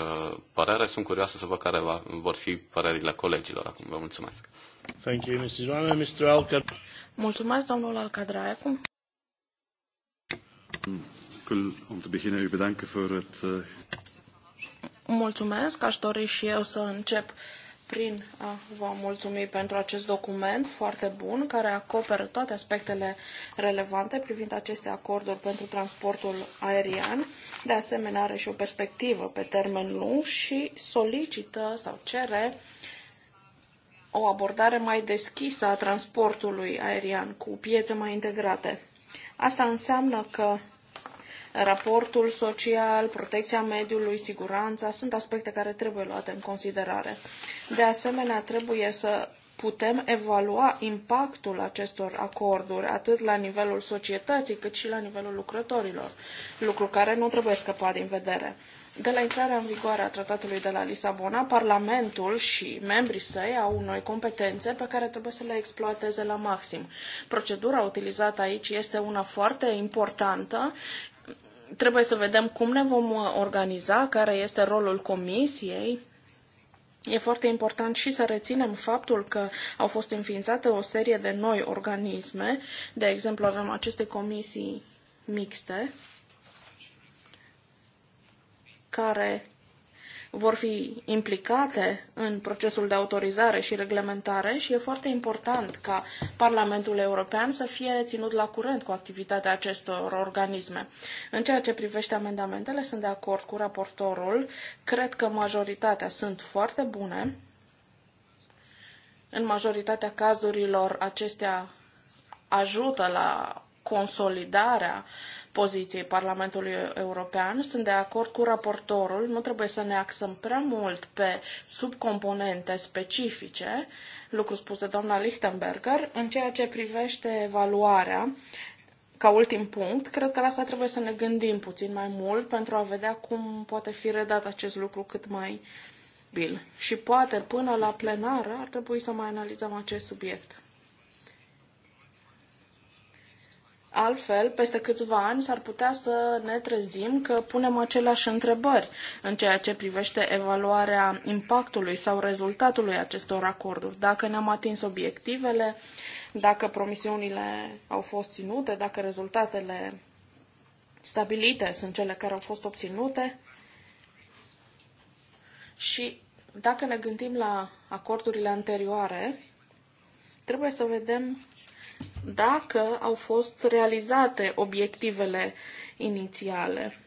părere. Sunt curioasă să văd care vor fi părerile colegilor acum. Vă mulțumesc. Thank you, Mr. Rana. Mr. Alca... Mulțumesc, domnul Alcadrae. Acum. Ik wil om te beginnen u bedanken voor het Mulțumesc, aș dori și eu să încep prin a vă mulțumi pentru acest document foarte bun care acoperă toate aspectele relevante privind aceste acorduri pentru transportul aerian. De asemenea, are și o perspectivă pe termen lung și solicită sau cere o abordare mai deschisă a transportului aerian cu piețe mai integrate. Asta înseamnă că raportul social, protecția mediului, siguranța, sunt aspecte care trebuie luate în considerare. De asemenea, trebuie să putem evalua impactul acestor acorduri, atât la nivelul societății, cât și la nivelul lucrătorilor, lucru care nu trebuie scăpat din vedere. De la intrarea în vigoare a tratatului de la Lisabona, Parlamentul și membrii săi au noi competențe pe care trebuie să le exploateze la maxim. Procedura utilizată aici este una foarte importantă trebuie să vedem cum ne vom uh, organiza, care este rolul comisiei. E foarte important și să reținem faptul că au fost înființate o serie de noi organisme. De exemplu, avem aceste comisii mixte care vor fi implicate în procesul de autorizare și reglementare și e foarte important ca Parlamentul European să fie ținut la curent cu activitatea acestor organisme. În ceea ce privește amendamentele, sunt de acord cu raportorul. Cred că majoritatea sunt foarte bune. În majoritatea cazurilor, acestea ajută la consolidarea uh, poziției Parlamentului European. Sunt de acord cu raportorul, nu trebuie să ne axăm prea mult pe subcomponente specifice, lucru spus de doamna Lichtenberger, în ceea ce privește evaluarea. Ca ultim punct, cred că la asta trebuie să ne gândim puțin mai mult pentru a vedea cum poate fi redat acest lucru cât mai bine. Și poate până la plenară ar trebui să mai analizăm acest subiect. Altfel, peste câțiva ani s-ar putea să ne trezim că punem aceleași întrebări în ceea ce privește evaluarea impactului sau rezultatului acestor acorduri. Dacă ne-am atins obiectivele, dacă promisiunile au fost ținute, dacă rezultatele stabilite sunt cele care au fost obținute. Și dacă ne gândim la acordurile anterioare, trebuie să vedem dacă au fost realizate obiectivele inițiale.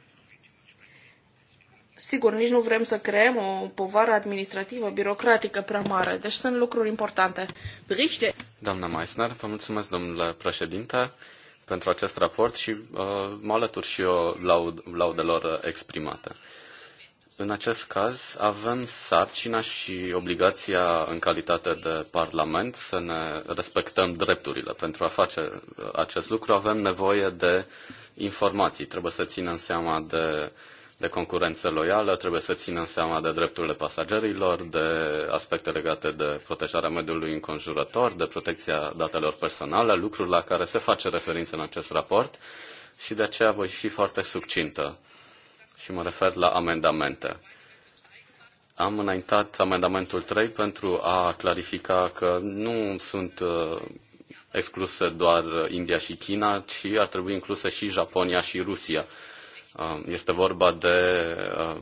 Sigur, nici nu vrem să creăm o povară administrativă, birocratică prea mare, deci sunt lucruri importante. Berichte. Doamna Meissner, vă mulțumesc, domnule președinte, pentru acest raport și uh, mă alătur și eu laud, laudelor exprimate în acest caz avem sarcina și obligația în calitate de Parlament să ne respectăm drepturile. Pentru a face uh, acest lucru avem nevoie de informații. Trebuie să ținem seama de, de concurență loială, trebuie să ținem seama de drepturile pasagerilor, de aspecte legate de protejarea mediului înconjurător, de protecția datelor personale, lucruri la care se face referință în acest raport și de aceea voi fi foarte succintă și mă refer la amendamente. Am înaintat amendamentul 3 pentru a clarifica că nu sunt uh, excluse doar India și China, ci ar trebui incluse și Japonia și Rusia. Uh, este vorba de uh,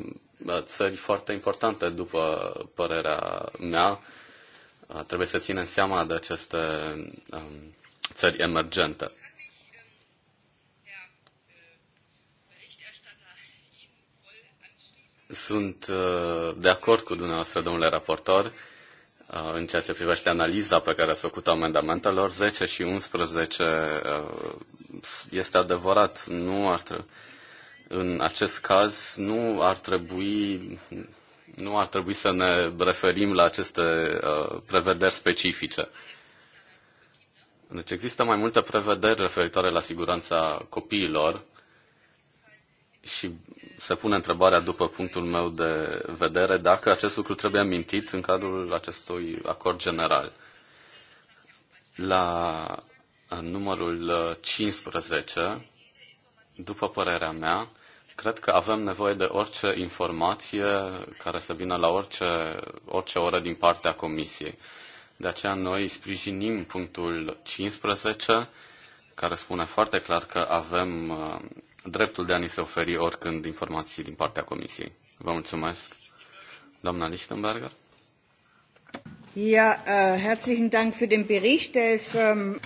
țări foarte importante, după părerea mea. Trebuie să ținem seama de aceste um, țări emergente. Sunt uh, de acord cu dumneavoastră, domnule raportor, uh, în ceea ce privește analiza pe care ați făcut-o amendamentelor 10 și 11. Uh, este adevărat, nu ar trebui în acest caz nu ar trebui nu ar trebui să ne referim la aceste prevederi specifice. Deci există mai multe prevederi referitoare la siguranța copiilor și se pune întrebarea, după punctul meu de vedere, dacă acest lucru trebuie amintit în cadrul acestui acord general. La numărul 15, uh, după părerea mea, cred că avem nevoie de orice informație care să vină la orice, orice oră din partea Comisiei. De aceea noi sprijinim punctul 15, care spune foarte clar că avem uh, dreptul de a ni se oferi oricând informații din partea Comisiei. Vă mulțumesc. Doamna Lichtenberger? Ja, uh, herzlichen Dank für den Bericht. Der ist, um...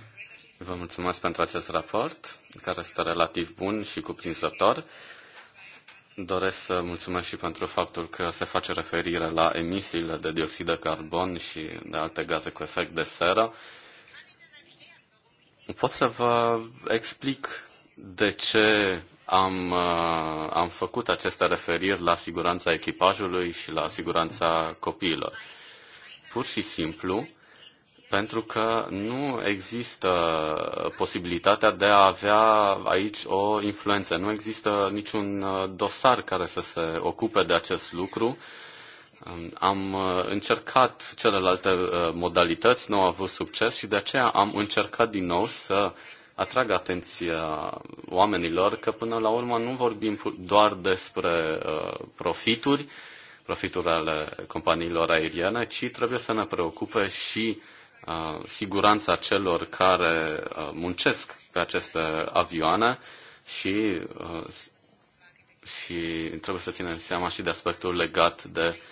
Vă mulțumesc pentru acest raport, care este relativ bun și cuprinzător. Doresc să mulțumesc și pentru faptul că se face referire la emisiile de dioxid de carbon și de alte gaze cu efect de seră. Pot să vă explic de ce am, uh, am făcut aceste referiri la siguranța echipajului și la siguranța copiilor. Pur și simplu, pentru că nu există posibilitatea de a avea aici o influență. Nu există niciun uh, dosar care să se ocupe de acest lucru. Um, am uh, încercat celelalte modalități, nu au avut succes și de aceea am încercat din nou să atrag atenția oamenilor că până la urmă nu vorbim doar despre uh, profituri, profituri ale companiilor aeriene, ci trebuie să ne preocupe și uh, siguranța celor care uh, muncesc pe aceste avioane și, și trebuie să ținem seama și de aspectul legat de uh,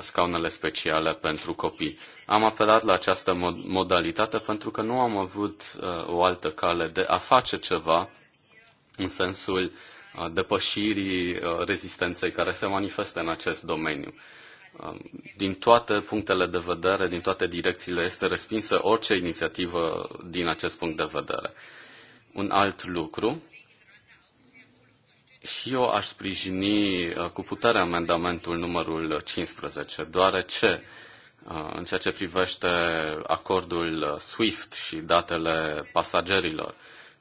scaunele speciale pentru copii. Am apelat la această modalitate pentru că nu am avut uh, o altă cale de a face ceva în sensul uh, depășirii uh, rezistenței care se manifestă în acest domeniu. Um, din toate punctele de vedere, din toate direcțiile, este respinsă orice inițiativă din acest punct de vedere. Un alt lucru și eu aș sprijini uh, cu putere amendamentul numărul 15, deoarece uh, în ceea ce privește acordul uh, SWIFT și datele pasagerilor,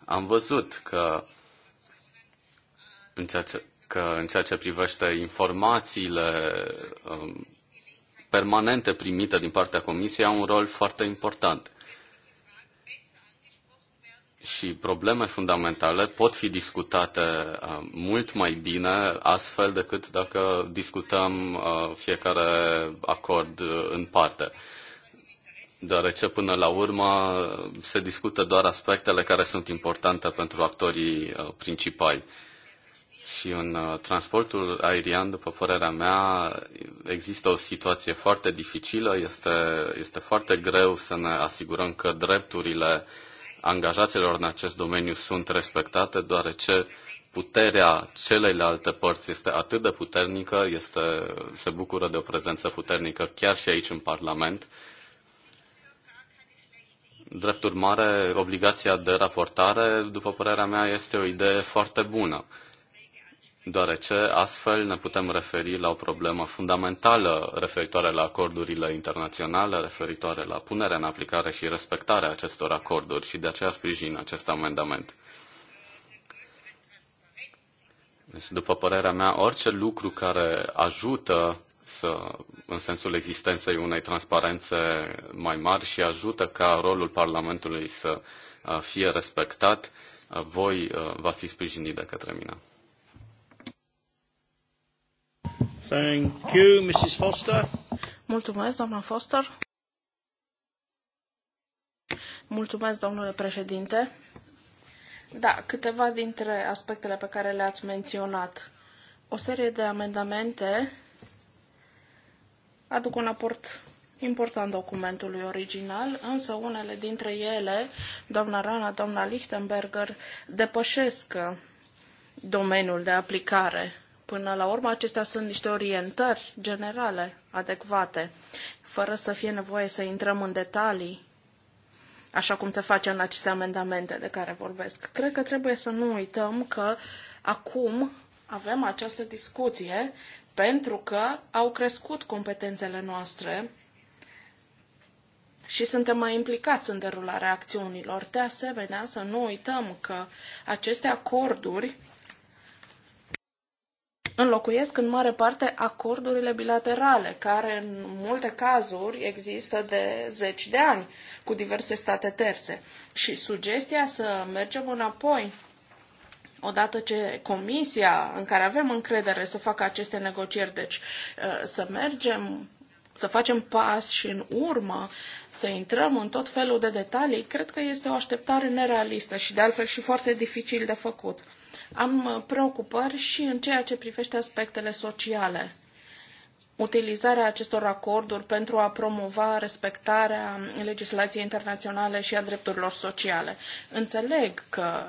am văzut că în ceea ce, că în ceea ce privește informațiile um, permanente primite din partea Comisiei au un rol foarte important și probleme fundamentale pot fi discutate uh, mult mai bine astfel decât dacă discutăm uh, fiecare acord uh, în parte. Deoarece până la urmă se discută doar aspectele care sunt importante pentru actorii principali. Și în transportul aerian, după părerea mea, există o situație foarte dificilă, este, este foarte greu să ne asigurăm că drepturile uh, angajaților în acest domeniu sunt respectate, deoarece puterea celeilalte părți este atât de puternică, este, se bucură de o prezență puternică chiar și aici în Parlament. Drept urmare, obligația de raportare, după părerea mea, este o idee foarte bună deoarece astfel ne putem referi la o problemă fundamentală referitoare la acordurile internaționale, referitoare la punerea în aplicare și respectarea acestor acorduri și de aceea sprijin acest amendament. Deci, după părerea mea, orice lucru care ajută să, în sensul existenței unei transparențe mai mari și ajută ca rolul Parlamentului să uh, fie respectat, uh, voi uh, va fi sprijinit de către mine. Thank you, Mrs. Foster. Mulțumesc, doamna Foster. Mulțumesc, domnule președinte. Da, câteva dintre aspectele pe care le-ați menționat. O serie de amendamente aduc un aport important documentului original, însă unele dintre ele, doamna Rana, doamna Lichtenberger, depășesc domeniul de aplicare Până la urmă, acestea sunt niște orientări generale, adecvate, fără să fie nevoie să intrăm în detalii, așa cum se face în aceste amendamente de care vorbesc. Cred că trebuie să nu uităm că acum avem această discuție pentru că au crescut competențele noastre și suntem mai implicați în derularea acțiunilor. De asemenea, să nu uităm că aceste acorduri înlocuiesc în mare parte acordurile bilaterale, care în multe cazuri există de zeci de ani cu diverse state terțe. Și sugestia să mergem înapoi odată ce comisia în care avem încredere să facă aceste negocieri, deci uh, să mergem, să facem pas și în urmă, să intrăm în tot felul de detalii, cred că este o așteptare nerealistă și de altfel și foarte dificil de făcut. Am uh, preocupări și în ceea ce privește aspectele sociale. Utilizarea acestor acorduri pentru a promova respectarea legislației internaționale și a drepturilor sociale. Înțeleg că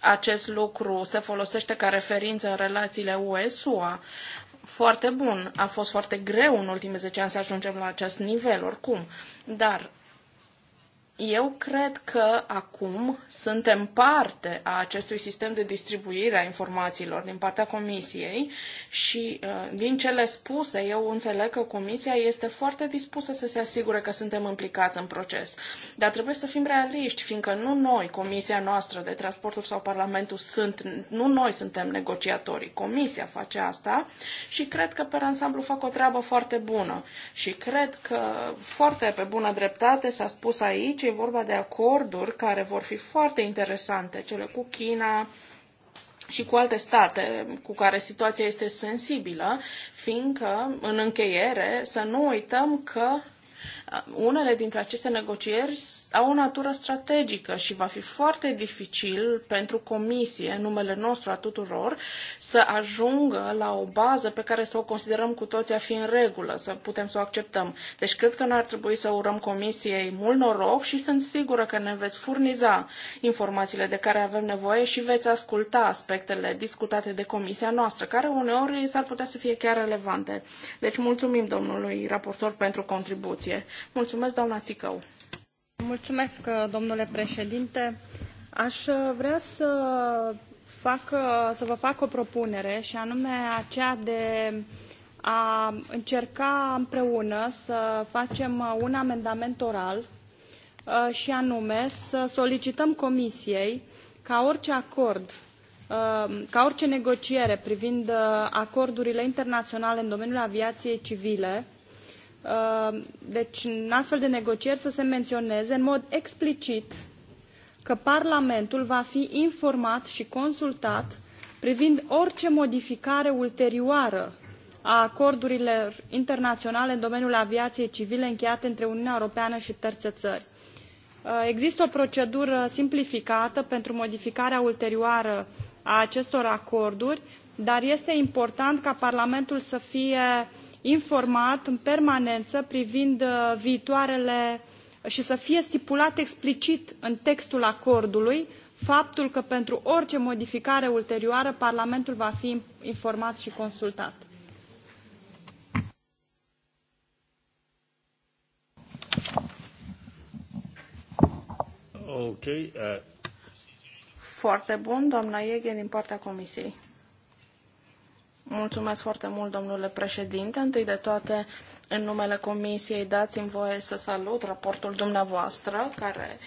acest lucru se folosește ca referință în relațiile UE-SUA, foarte bun. A fost foarte greu în ultimii 10 ani să ajungem la acest nivel, oricum. Dar eu cred că acum suntem parte a acestui sistem de distribuire a informațiilor din partea Comisiei și uh, din cele spuse eu înțeleg că Comisia este foarte dispusă să se asigure că suntem implicați în proces. Dar trebuie să fim realiști, fiindcă nu noi, Comisia noastră de Transporturi sau Parlamentul, sunt, nu noi suntem negociatorii. Comisia face asta și cred că pe ansamblu fac o treabă foarte bună. Și cred că foarte pe bună dreptate s-a spus aici e vorba de acorduri care vor fi foarte interesante, cele cu China, și cu alte state cu care situația este sensibilă, fiindcă, în încheiere, să nu uităm că unele dintre aceste negocieri au o natură strategică și va fi foarte dificil pentru Comisie, în numele nostru a tuturor, să ajungă la o bază pe care să o considerăm cu toții a fi în regulă, să putem să o acceptăm. Deci cred că nu ar trebui să urăm Comisiei mult noroc și sunt sigură că ne veți furniza informațiile de care avem nevoie și veți asculta aspectele discutate de Comisia noastră, care uneori s-ar putea să fie chiar relevante. Deci mulțumim domnului raportor pentru contribuție. Mulțumesc, doamna Țicău. Mulțumesc, domnule președinte. Aș uh, vrea să, fac, uh, să vă fac o propunere și anume aceea de a încerca împreună să facem uh, un amendament oral și anume să solicităm Comisiei ca orice acord, ca orice negociere privind acordurile internaționale în domeniul aviației civile, Uh, deci în astfel de negocieri să se menționeze în mod explicit că Parlamentul va fi informat și consultat privind orice modificare ulterioară a acordurilor internaționale în domeniul aviației civile încheiate între Uniunea Europeană și terțe țări. Uh, există o procedură simplificată pentru modificarea ulterioară a acestor acorduri, dar este important ca Parlamentul să fie informat în permanență privind uh, viitoarele uh, și să fie stipulat explicit în textul acordului faptul că pentru orice modificare ulterioară Parlamentul va fi informat și consultat. Okay, uh... Foarte bun, doamna Ieghe, din partea Comisiei. Mulțumesc foarte mult, domnule președinte. Întâi de toate, în numele Comisiei, dați-mi voie să salut raportul dumneavoastră, care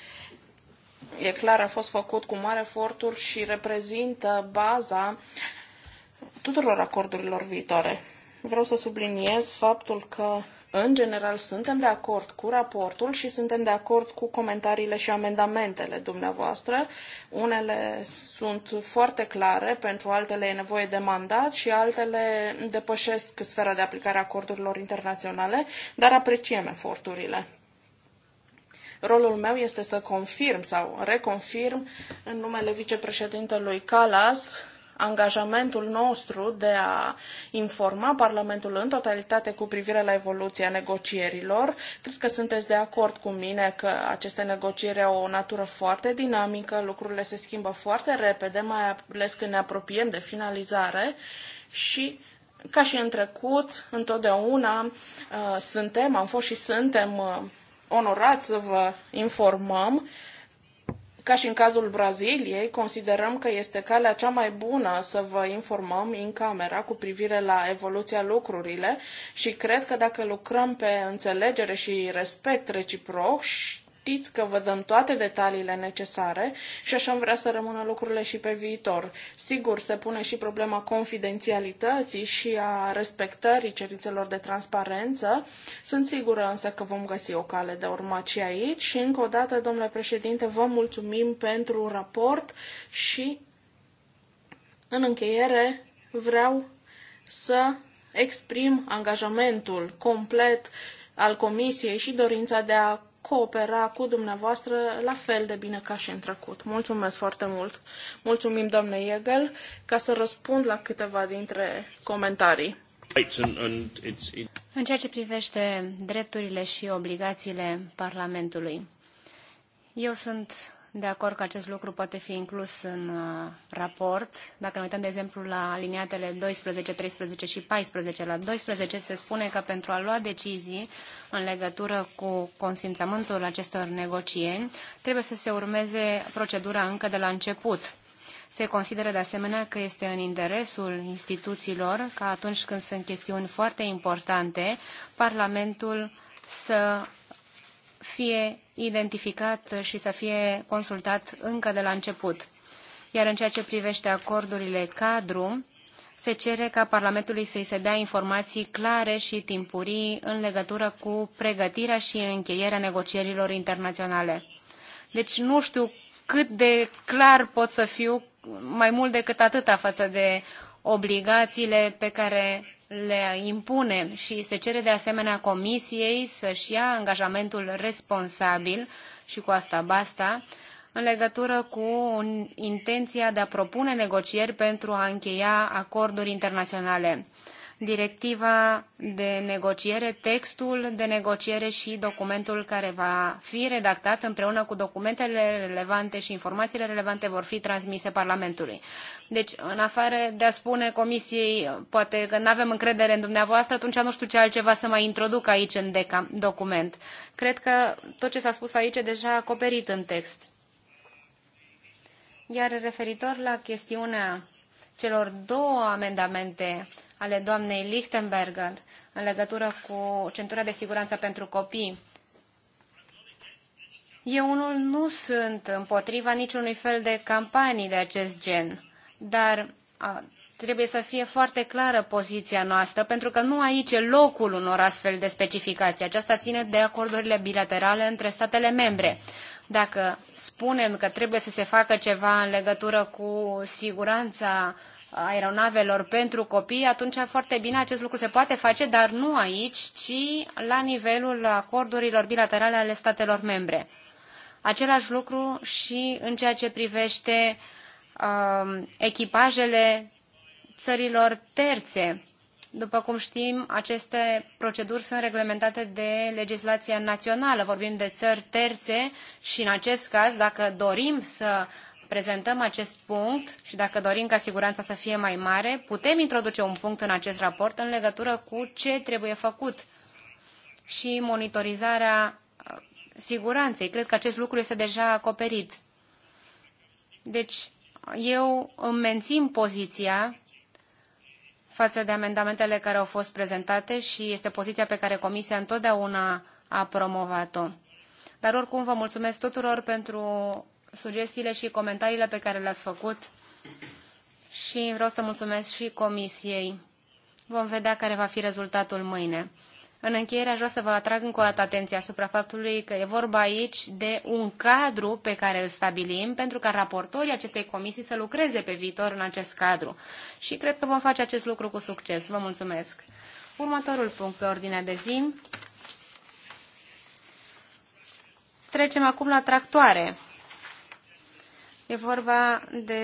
e clar a fost făcut cu mare eforturi și reprezintă baza tuturor acordurilor viitoare. Vreau să subliniez faptul că în general, suntem de acord cu raportul și suntem de acord cu comentariile și amendamentele dumneavoastră. Unele sunt foarte clare, pentru altele e nevoie de mandat și altele depășesc sfera de aplicare a acordurilor internaționale, dar apreciem eforturile. Rolul meu este să confirm sau reconfirm în numele vicepreședintelui Calas angajamentul nostru de a informa Parlamentul în totalitate cu privire la evoluția negocierilor. Cred că sunteți de acord cu mine că aceste negocieri au o natură foarte dinamică, lucrurile se schimbă foarte repede, mai ales când ne apropiem de finalizare și ca și în trecut, întotdeauna uh, suntem, am fost și suntem uh, onorați să vă informăm uh, ca și în cazul Braziliei, considerăm că este calea cea mai bună să vă informăm în camera cu privire la evoluția lucrurile și cred că dacă lucrăm pe înțelegere și respect reciproc, știți că vă dăm toate detaliile necesare și așa vrea să rămână lucrurile și pe viitor. Sigur, se pune și problema confidențialității și a respectării cerințelor de transparență. Sunt sigură însă că vom găsi o cale de urmat și aici și încă o dată, domnule președinte, vă mulțumim pentru raport și în încheiere vreau să exprim angajamentul complet al Comisiei și dorința de a coopera cu dumneavoastră la fel de bine ca și în trecut. Mulțumesc foarte mult! Mulțumim, doamne Iegel, ca să răspund la câteva dintre comentarii. În ceea ce privește drepturile și obligațiile Parlamentului, eu sunt de acord că acest lucru poate fi inclus în uh, raport. Dacă ne uităm, de exemplu, la aliniatele 12, 13 și 14, la 12 se spune că pentru a lua decizii în legătură cu consimțământul acestor negocieri, trebuie să se urmeze procedura încă de la început. Se consideră de asemenea că este în interesul instituțiilor ca atunci când sunt chestiuni foarte importante, Parlamentul să fie identificat și să fie consultat încă de la început. Iar în ceea ce privește acordurile cadru, se cere ca Parlamentului să-i se dea informații clare și timpurii în legătură cu pregătirea și încheierea negocierilor internaționale. Deci nu știu cât de clar pot să fiu mai mult decât atâta față de obligațiile pe care le impune și se cere de asemenea comisiei să-și ia angajamentul responsabil și cu asta basta în legătură cu intenția de a propune negocieri pentru a încheia acorduri internaționale directiva de negociere, textul de negociere și documentul care va fi redactat împreună cu documentele relevante și informațiile relevante vor fi transmise Parlamentului. Deci, în afară de a spune Comisiei, poate că nu avem încredere în dumneavoastră, atunci nu știu ce altceva să mai introduc aici în document. Cred că tot ce s-a spus aici e deja acoperit în text. Iar referitor la chestiunea celor două amendamente ale doamnei Lichtenberger în legătură cu centura de siguranță pentru copii. Eu unul nu sunt împotriva niciunui fel de campanii de acest gen, dar a, trebuie să fie foarte clară poziția noastră, pentru că nu aici e locul unor astfel de specificații. Aceasta ține de acordurile bilaterale între statele membre. Dacă spunem că trebuie să se facă ceva în legătură cu siguranța aeronavelor pentru copii, atunci foarte bine acest lucru se poate face, dar nu aici, ci la nivelul acordurilor bilaterale ale statelor membre. Același lucru și în ceea ce privește uh, echipajele țărilor terțe după cum știm, aceste proceduri sunt reglementate de legislația națională. Vorbim de țări terțe și în acest caz, dacă dorim să prezentăm acest punct și dacă dorim ca siguranța să fie mai mare, putem introduce un punct în acest raport în legătură cu ce trebuie făcut și monitorizarea uh, siguranței. Cred că acest lucru este deja acoperit. Deci, eu îmi mențin poziția față de amendamentele care au fost prezentate și este poziția pe care Comisia întotdeauna a promovat-o. Dar oricum vă mulțumesc tuturor pentru sugestiile și comentariile pe care le-ați făcut și vreau să mulțumesc și Comisiei. Vom vedea care va fi rezultatul mâine. În încheiere, aș vrea să vă atrag încă o dată atenția asupra faptului că e vorba aici de un cadru pe care îl stabilim pentru ca raportorii acestei comisii să lucreze pe viitor în acest cadru. Și cred că vom face acest lucru cu succes. Vă mulțumesc. Următorul punct pe ordinea de zi. Trecem acum la tractoare. E vorba de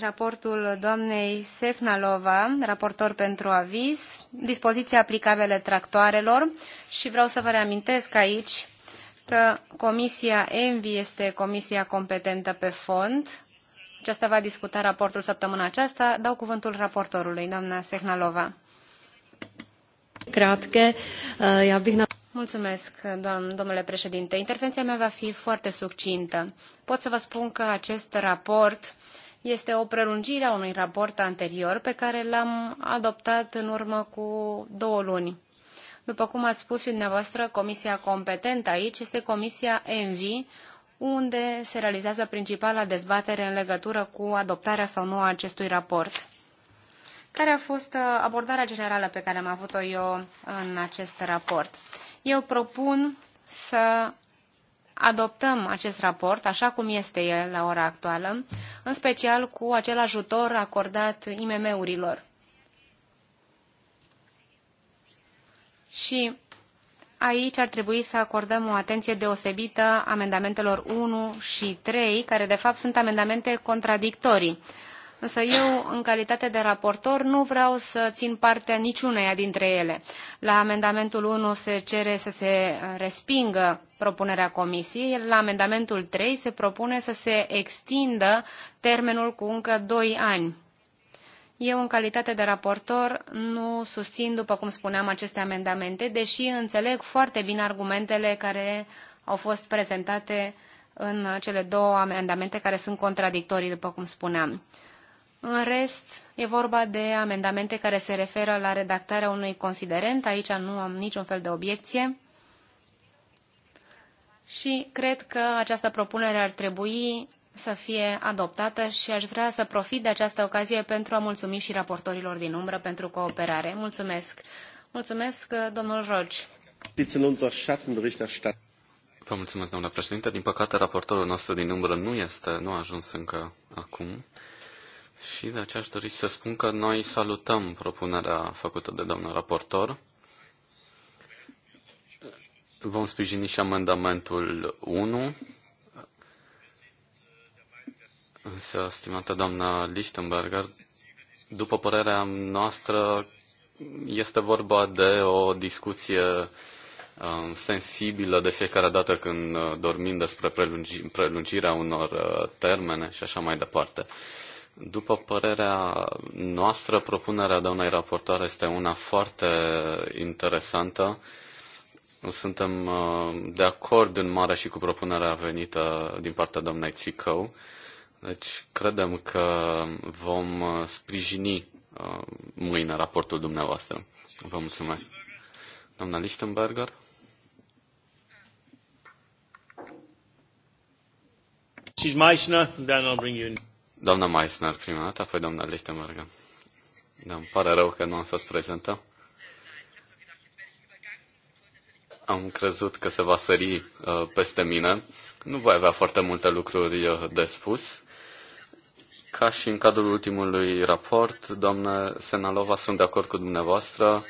raportul doamnei Sehnalova, raportor pentru aviz, dispoziții aplicabile tractoarelor și vreau să vă reamintesc aici că Comisia ENVI este comisia competentă pe fond. Aceasta va discuta raportul săptămâna aceasta. Dau cuvântul raportorului, doamna Sehnalova. Krátke, já bych Mulțumesc, domnule președinte. Intervenția mea va fi foarte succintă. Pot să vă spun că acest raport este o prelungire a unui raport anterior pe care l-am adoptat în urmă cu două luni. După cum ați spus și dumneavoastră, comisia competentă aici este comisia ENVI, unde se realizează principala dezbatere în legătură cu adoptarea sau nu a acestui raport. Care a fost uh, abordarea generală pe care am avut-o eu în acest raport? Eu propun să adoptăm acest raport așa cum este el la ora actuală, în special cu acel ajutor acordat IMM-urilor. Și aici ar trebui să acordăm o atenție deosebită amendamentelor 1 și 3, care de fapt sunt amendamente contradictorii însă eu, în calitate de raportor, nu vreau să țin partea niciuneia dintre ele. La amendamentul 1 se cere să se respingă propunerea comisiei, iar la amendamentul 3 se propune să se extindă termenul cu încă 2 ani. Eu, în calitate de raportor, nu susțin, după cum spuneam, aceste amendamente, deși înțeleg foarte bine argumentele care au fost prezentate în cele două amendamente care sunt contradictorii, după cum spuneam. În rest, e vorba de amendamente care se referă la redactarea unui considerent. Aici nu am niciun fel de obiecție. Și cred că această propunere ar trebui să fie adoptată și aș vrea să profit de această ocazie pentru a mulțumi și raportorilor din umbră pentru cooperare. Mulțumesc! Mulțumesc, domnul Roci. Vă mulțumesc, doamna președinte. Din păcate, raportorul nostru din umbră nu este, nu a ajuns încă acum. Și de aceea aș dori să spun că noi salutăm propunerea făcută de domnul raportor. Vom sprijini și amendamentul 1. Însă, stimată doamna Lichtenberger, după părerea noastră, este vorba de o discuție um, sensibilă de fiecare dată când uh, dormim despre prelungi, prelungirea unor uh, termene și așa mai departe. După părerea noastră, propunerea doamnei raportoare este una foarte interesantă. Suntem uh, de acord în mare și cu propunerea venită din partea doamnei Țicău. Deci credem că vom uh, sprijini uh, mâine raportul dumneavoastră. Vă mulțumesc. Doamna Lichtenberger? Mrs. Meissner, then I'll bring you in. Doamna Meissner prima dată, apoi doamna Lichtenberger. Da, îmi pare rău că nu am fost prezentă. Am crezut că se va sări uh, peste mine. Nu voi avea foarte multe lucruri uh, de spus. Ca și în cadrul ultimului raport, doamnă Senalova, sunt de acord cu dumneavoastră.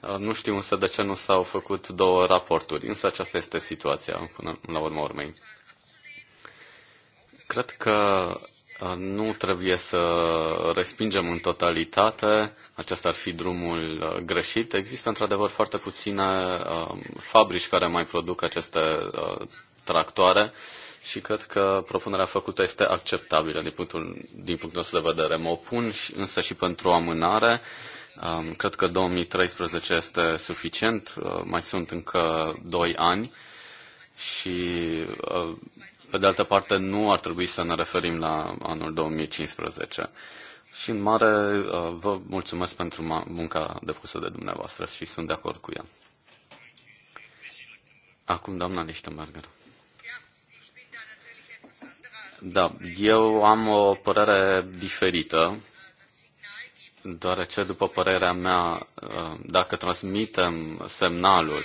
Uh, nu știu însă de ce nu s-au făcut două raporturi, însă aceasta este situația până la urma urmei. Cred că nu trebuie să respingem în totalitate, acesta ar fi drumul greșit. Există într-adevăr foarte puține fabrici care mai produc aceste tractoare și cred că propunerea făcută este acceptabilă din punctul, din punctul nostru de vedere. Mă opun însă și pentru amânare. Cred că 2013 este suficient, mai sunt încă 2 ani și pe de altă parte, nu ar trebui să ne referim la anul 2015. Și în mare uh, vă mulțumesc pentru munca depusă de dumneavoastră și sunt de acord cu ea. Acum, doamna Lichtenberger. Da, eu am o părere diferită, deoarece, după părerea mea, uh, dacă transmitem semnalul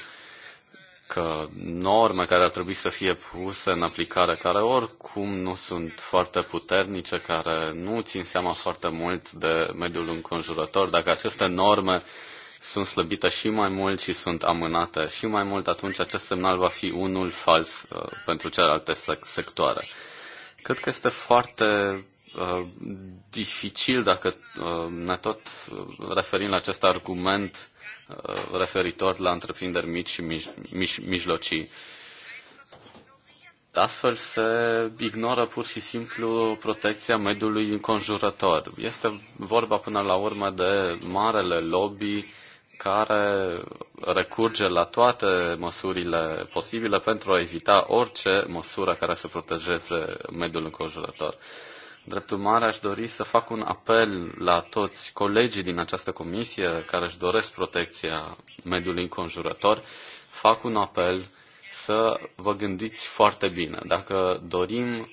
că norme care ar trebui să fie puse în aplicare, care oricum nu sunt foarte puternice, care nu țin seama foarte mult de mediul înconjurător, dacă aceste norme sunt slăbite și mai mult și sunt amânate și mai mult, atunci acest semnal va fi unul fals uh, pentru celelalte sectoare. Cred că este foarte uh, dificil dacă uh, ne tot uh, referim la acest argument Uh, referitor la întreprinderi mici și mij, mij, mijlocii. Astfel se ignoră pur și simplu protecția mediului înconjurător. Este vorba până la urmă de marele lobby care recurge la toate măsurile posibile pentru a evita orice măsură care să protejeze mediul înconjurător. Drept urmare, aș dori să fac un apel la toți colegii din această comisie care își doresc protecția mediului înconjurător. Fac un apel să vă gândiți foarte bine. Dacă dorim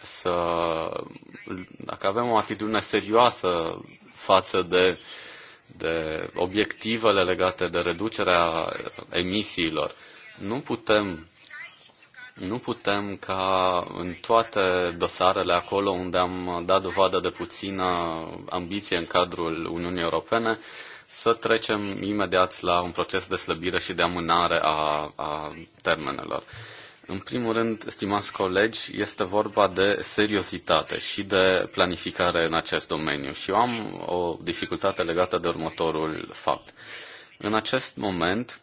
să. dacă avem o atitudine serioasă față de, de obiectivele legate de reducerea emisiilor, nu putem nu putem ca în toate dosarele acolo unde am dat dovadă de puțină ambiție în cadrul Uniunii Europene să trecem imediat la un proces de slăbire și de amânare a, a termenelor. În primul rând, stimați colegi, este vorba de seriozitate și de planificare în acest domeniu și eu am o dificultate legată de următorul fapt. În acest moment,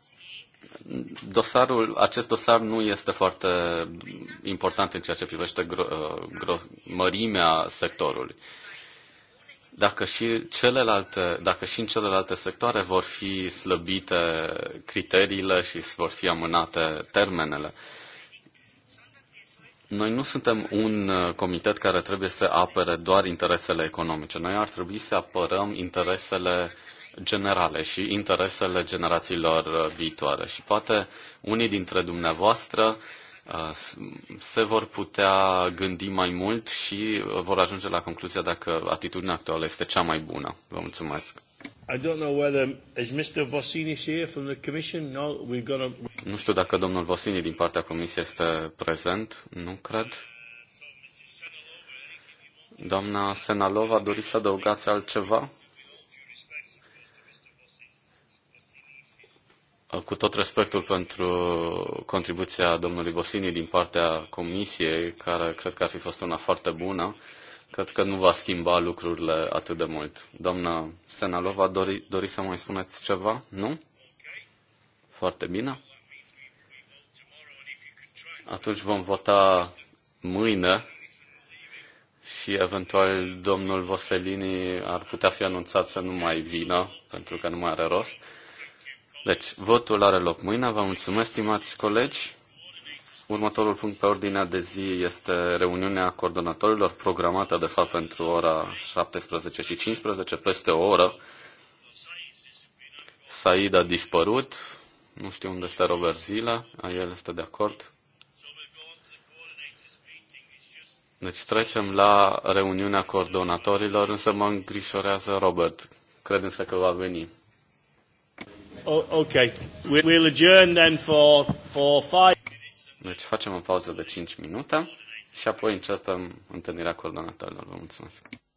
Dosarul, acest dosar nu este foarte important în ceea ce privește gro, uh, gro, mărimea sectorului. Dacă și, celelalte, dacă și în celelalte sectoare vor fi slăbite criteriile și vor fi amânate termenele, noi nu suntem un uh, comitet care trebuie să apere doar interesele economice. Noi ar trebui să apărăm interesele uh, generale și interesele generațiilor viitoare. Și poate unii dintre dumneavoastră uh, se vor putea gândi mai mult și uh, vor ajunge la concluzia dacă atitudinea actuală este cea mai bună. Vă mulțumesc. Nu știu dacă domnul Vosini din partea comisiei este prezent. Nu cred. Doamna Senalova, doriți să adăugați altceva? Cu tot respectul pentru contribuția domnului Bosini din partea comisiei, care cred că ar fi fost una foarte bună, cred că nu va schimba lucrurile atât de mult. Doamna Senalova, dori, dori să mai spuneți ceva? Nu? Foarte bine. Atunci vom vota mâine și eventual domnul Voselini ar putea fi anunțat să nu mai vină, pentru că nu mai are rost. Deci, votul are loc mâine. Vă mulțumesc, stimați colegi. Următorul punct pe ordinea de zi este reuniunea coordonatorilor programată, de fapt, pentru ora 17 și 15, peste o oră. Said a dispărut. Nu știu unde este Robert Zila. El este de acord. Deci trecem la reuniunea coordonatorilor, însă mă îngrișorează Robert. Cred să că va veni okay. ok. We'll adjourn then for, for five... Deci facem o pauză de 5 minute și apoi începem întâlnirea coordonatorilor. Vă mulțumesc.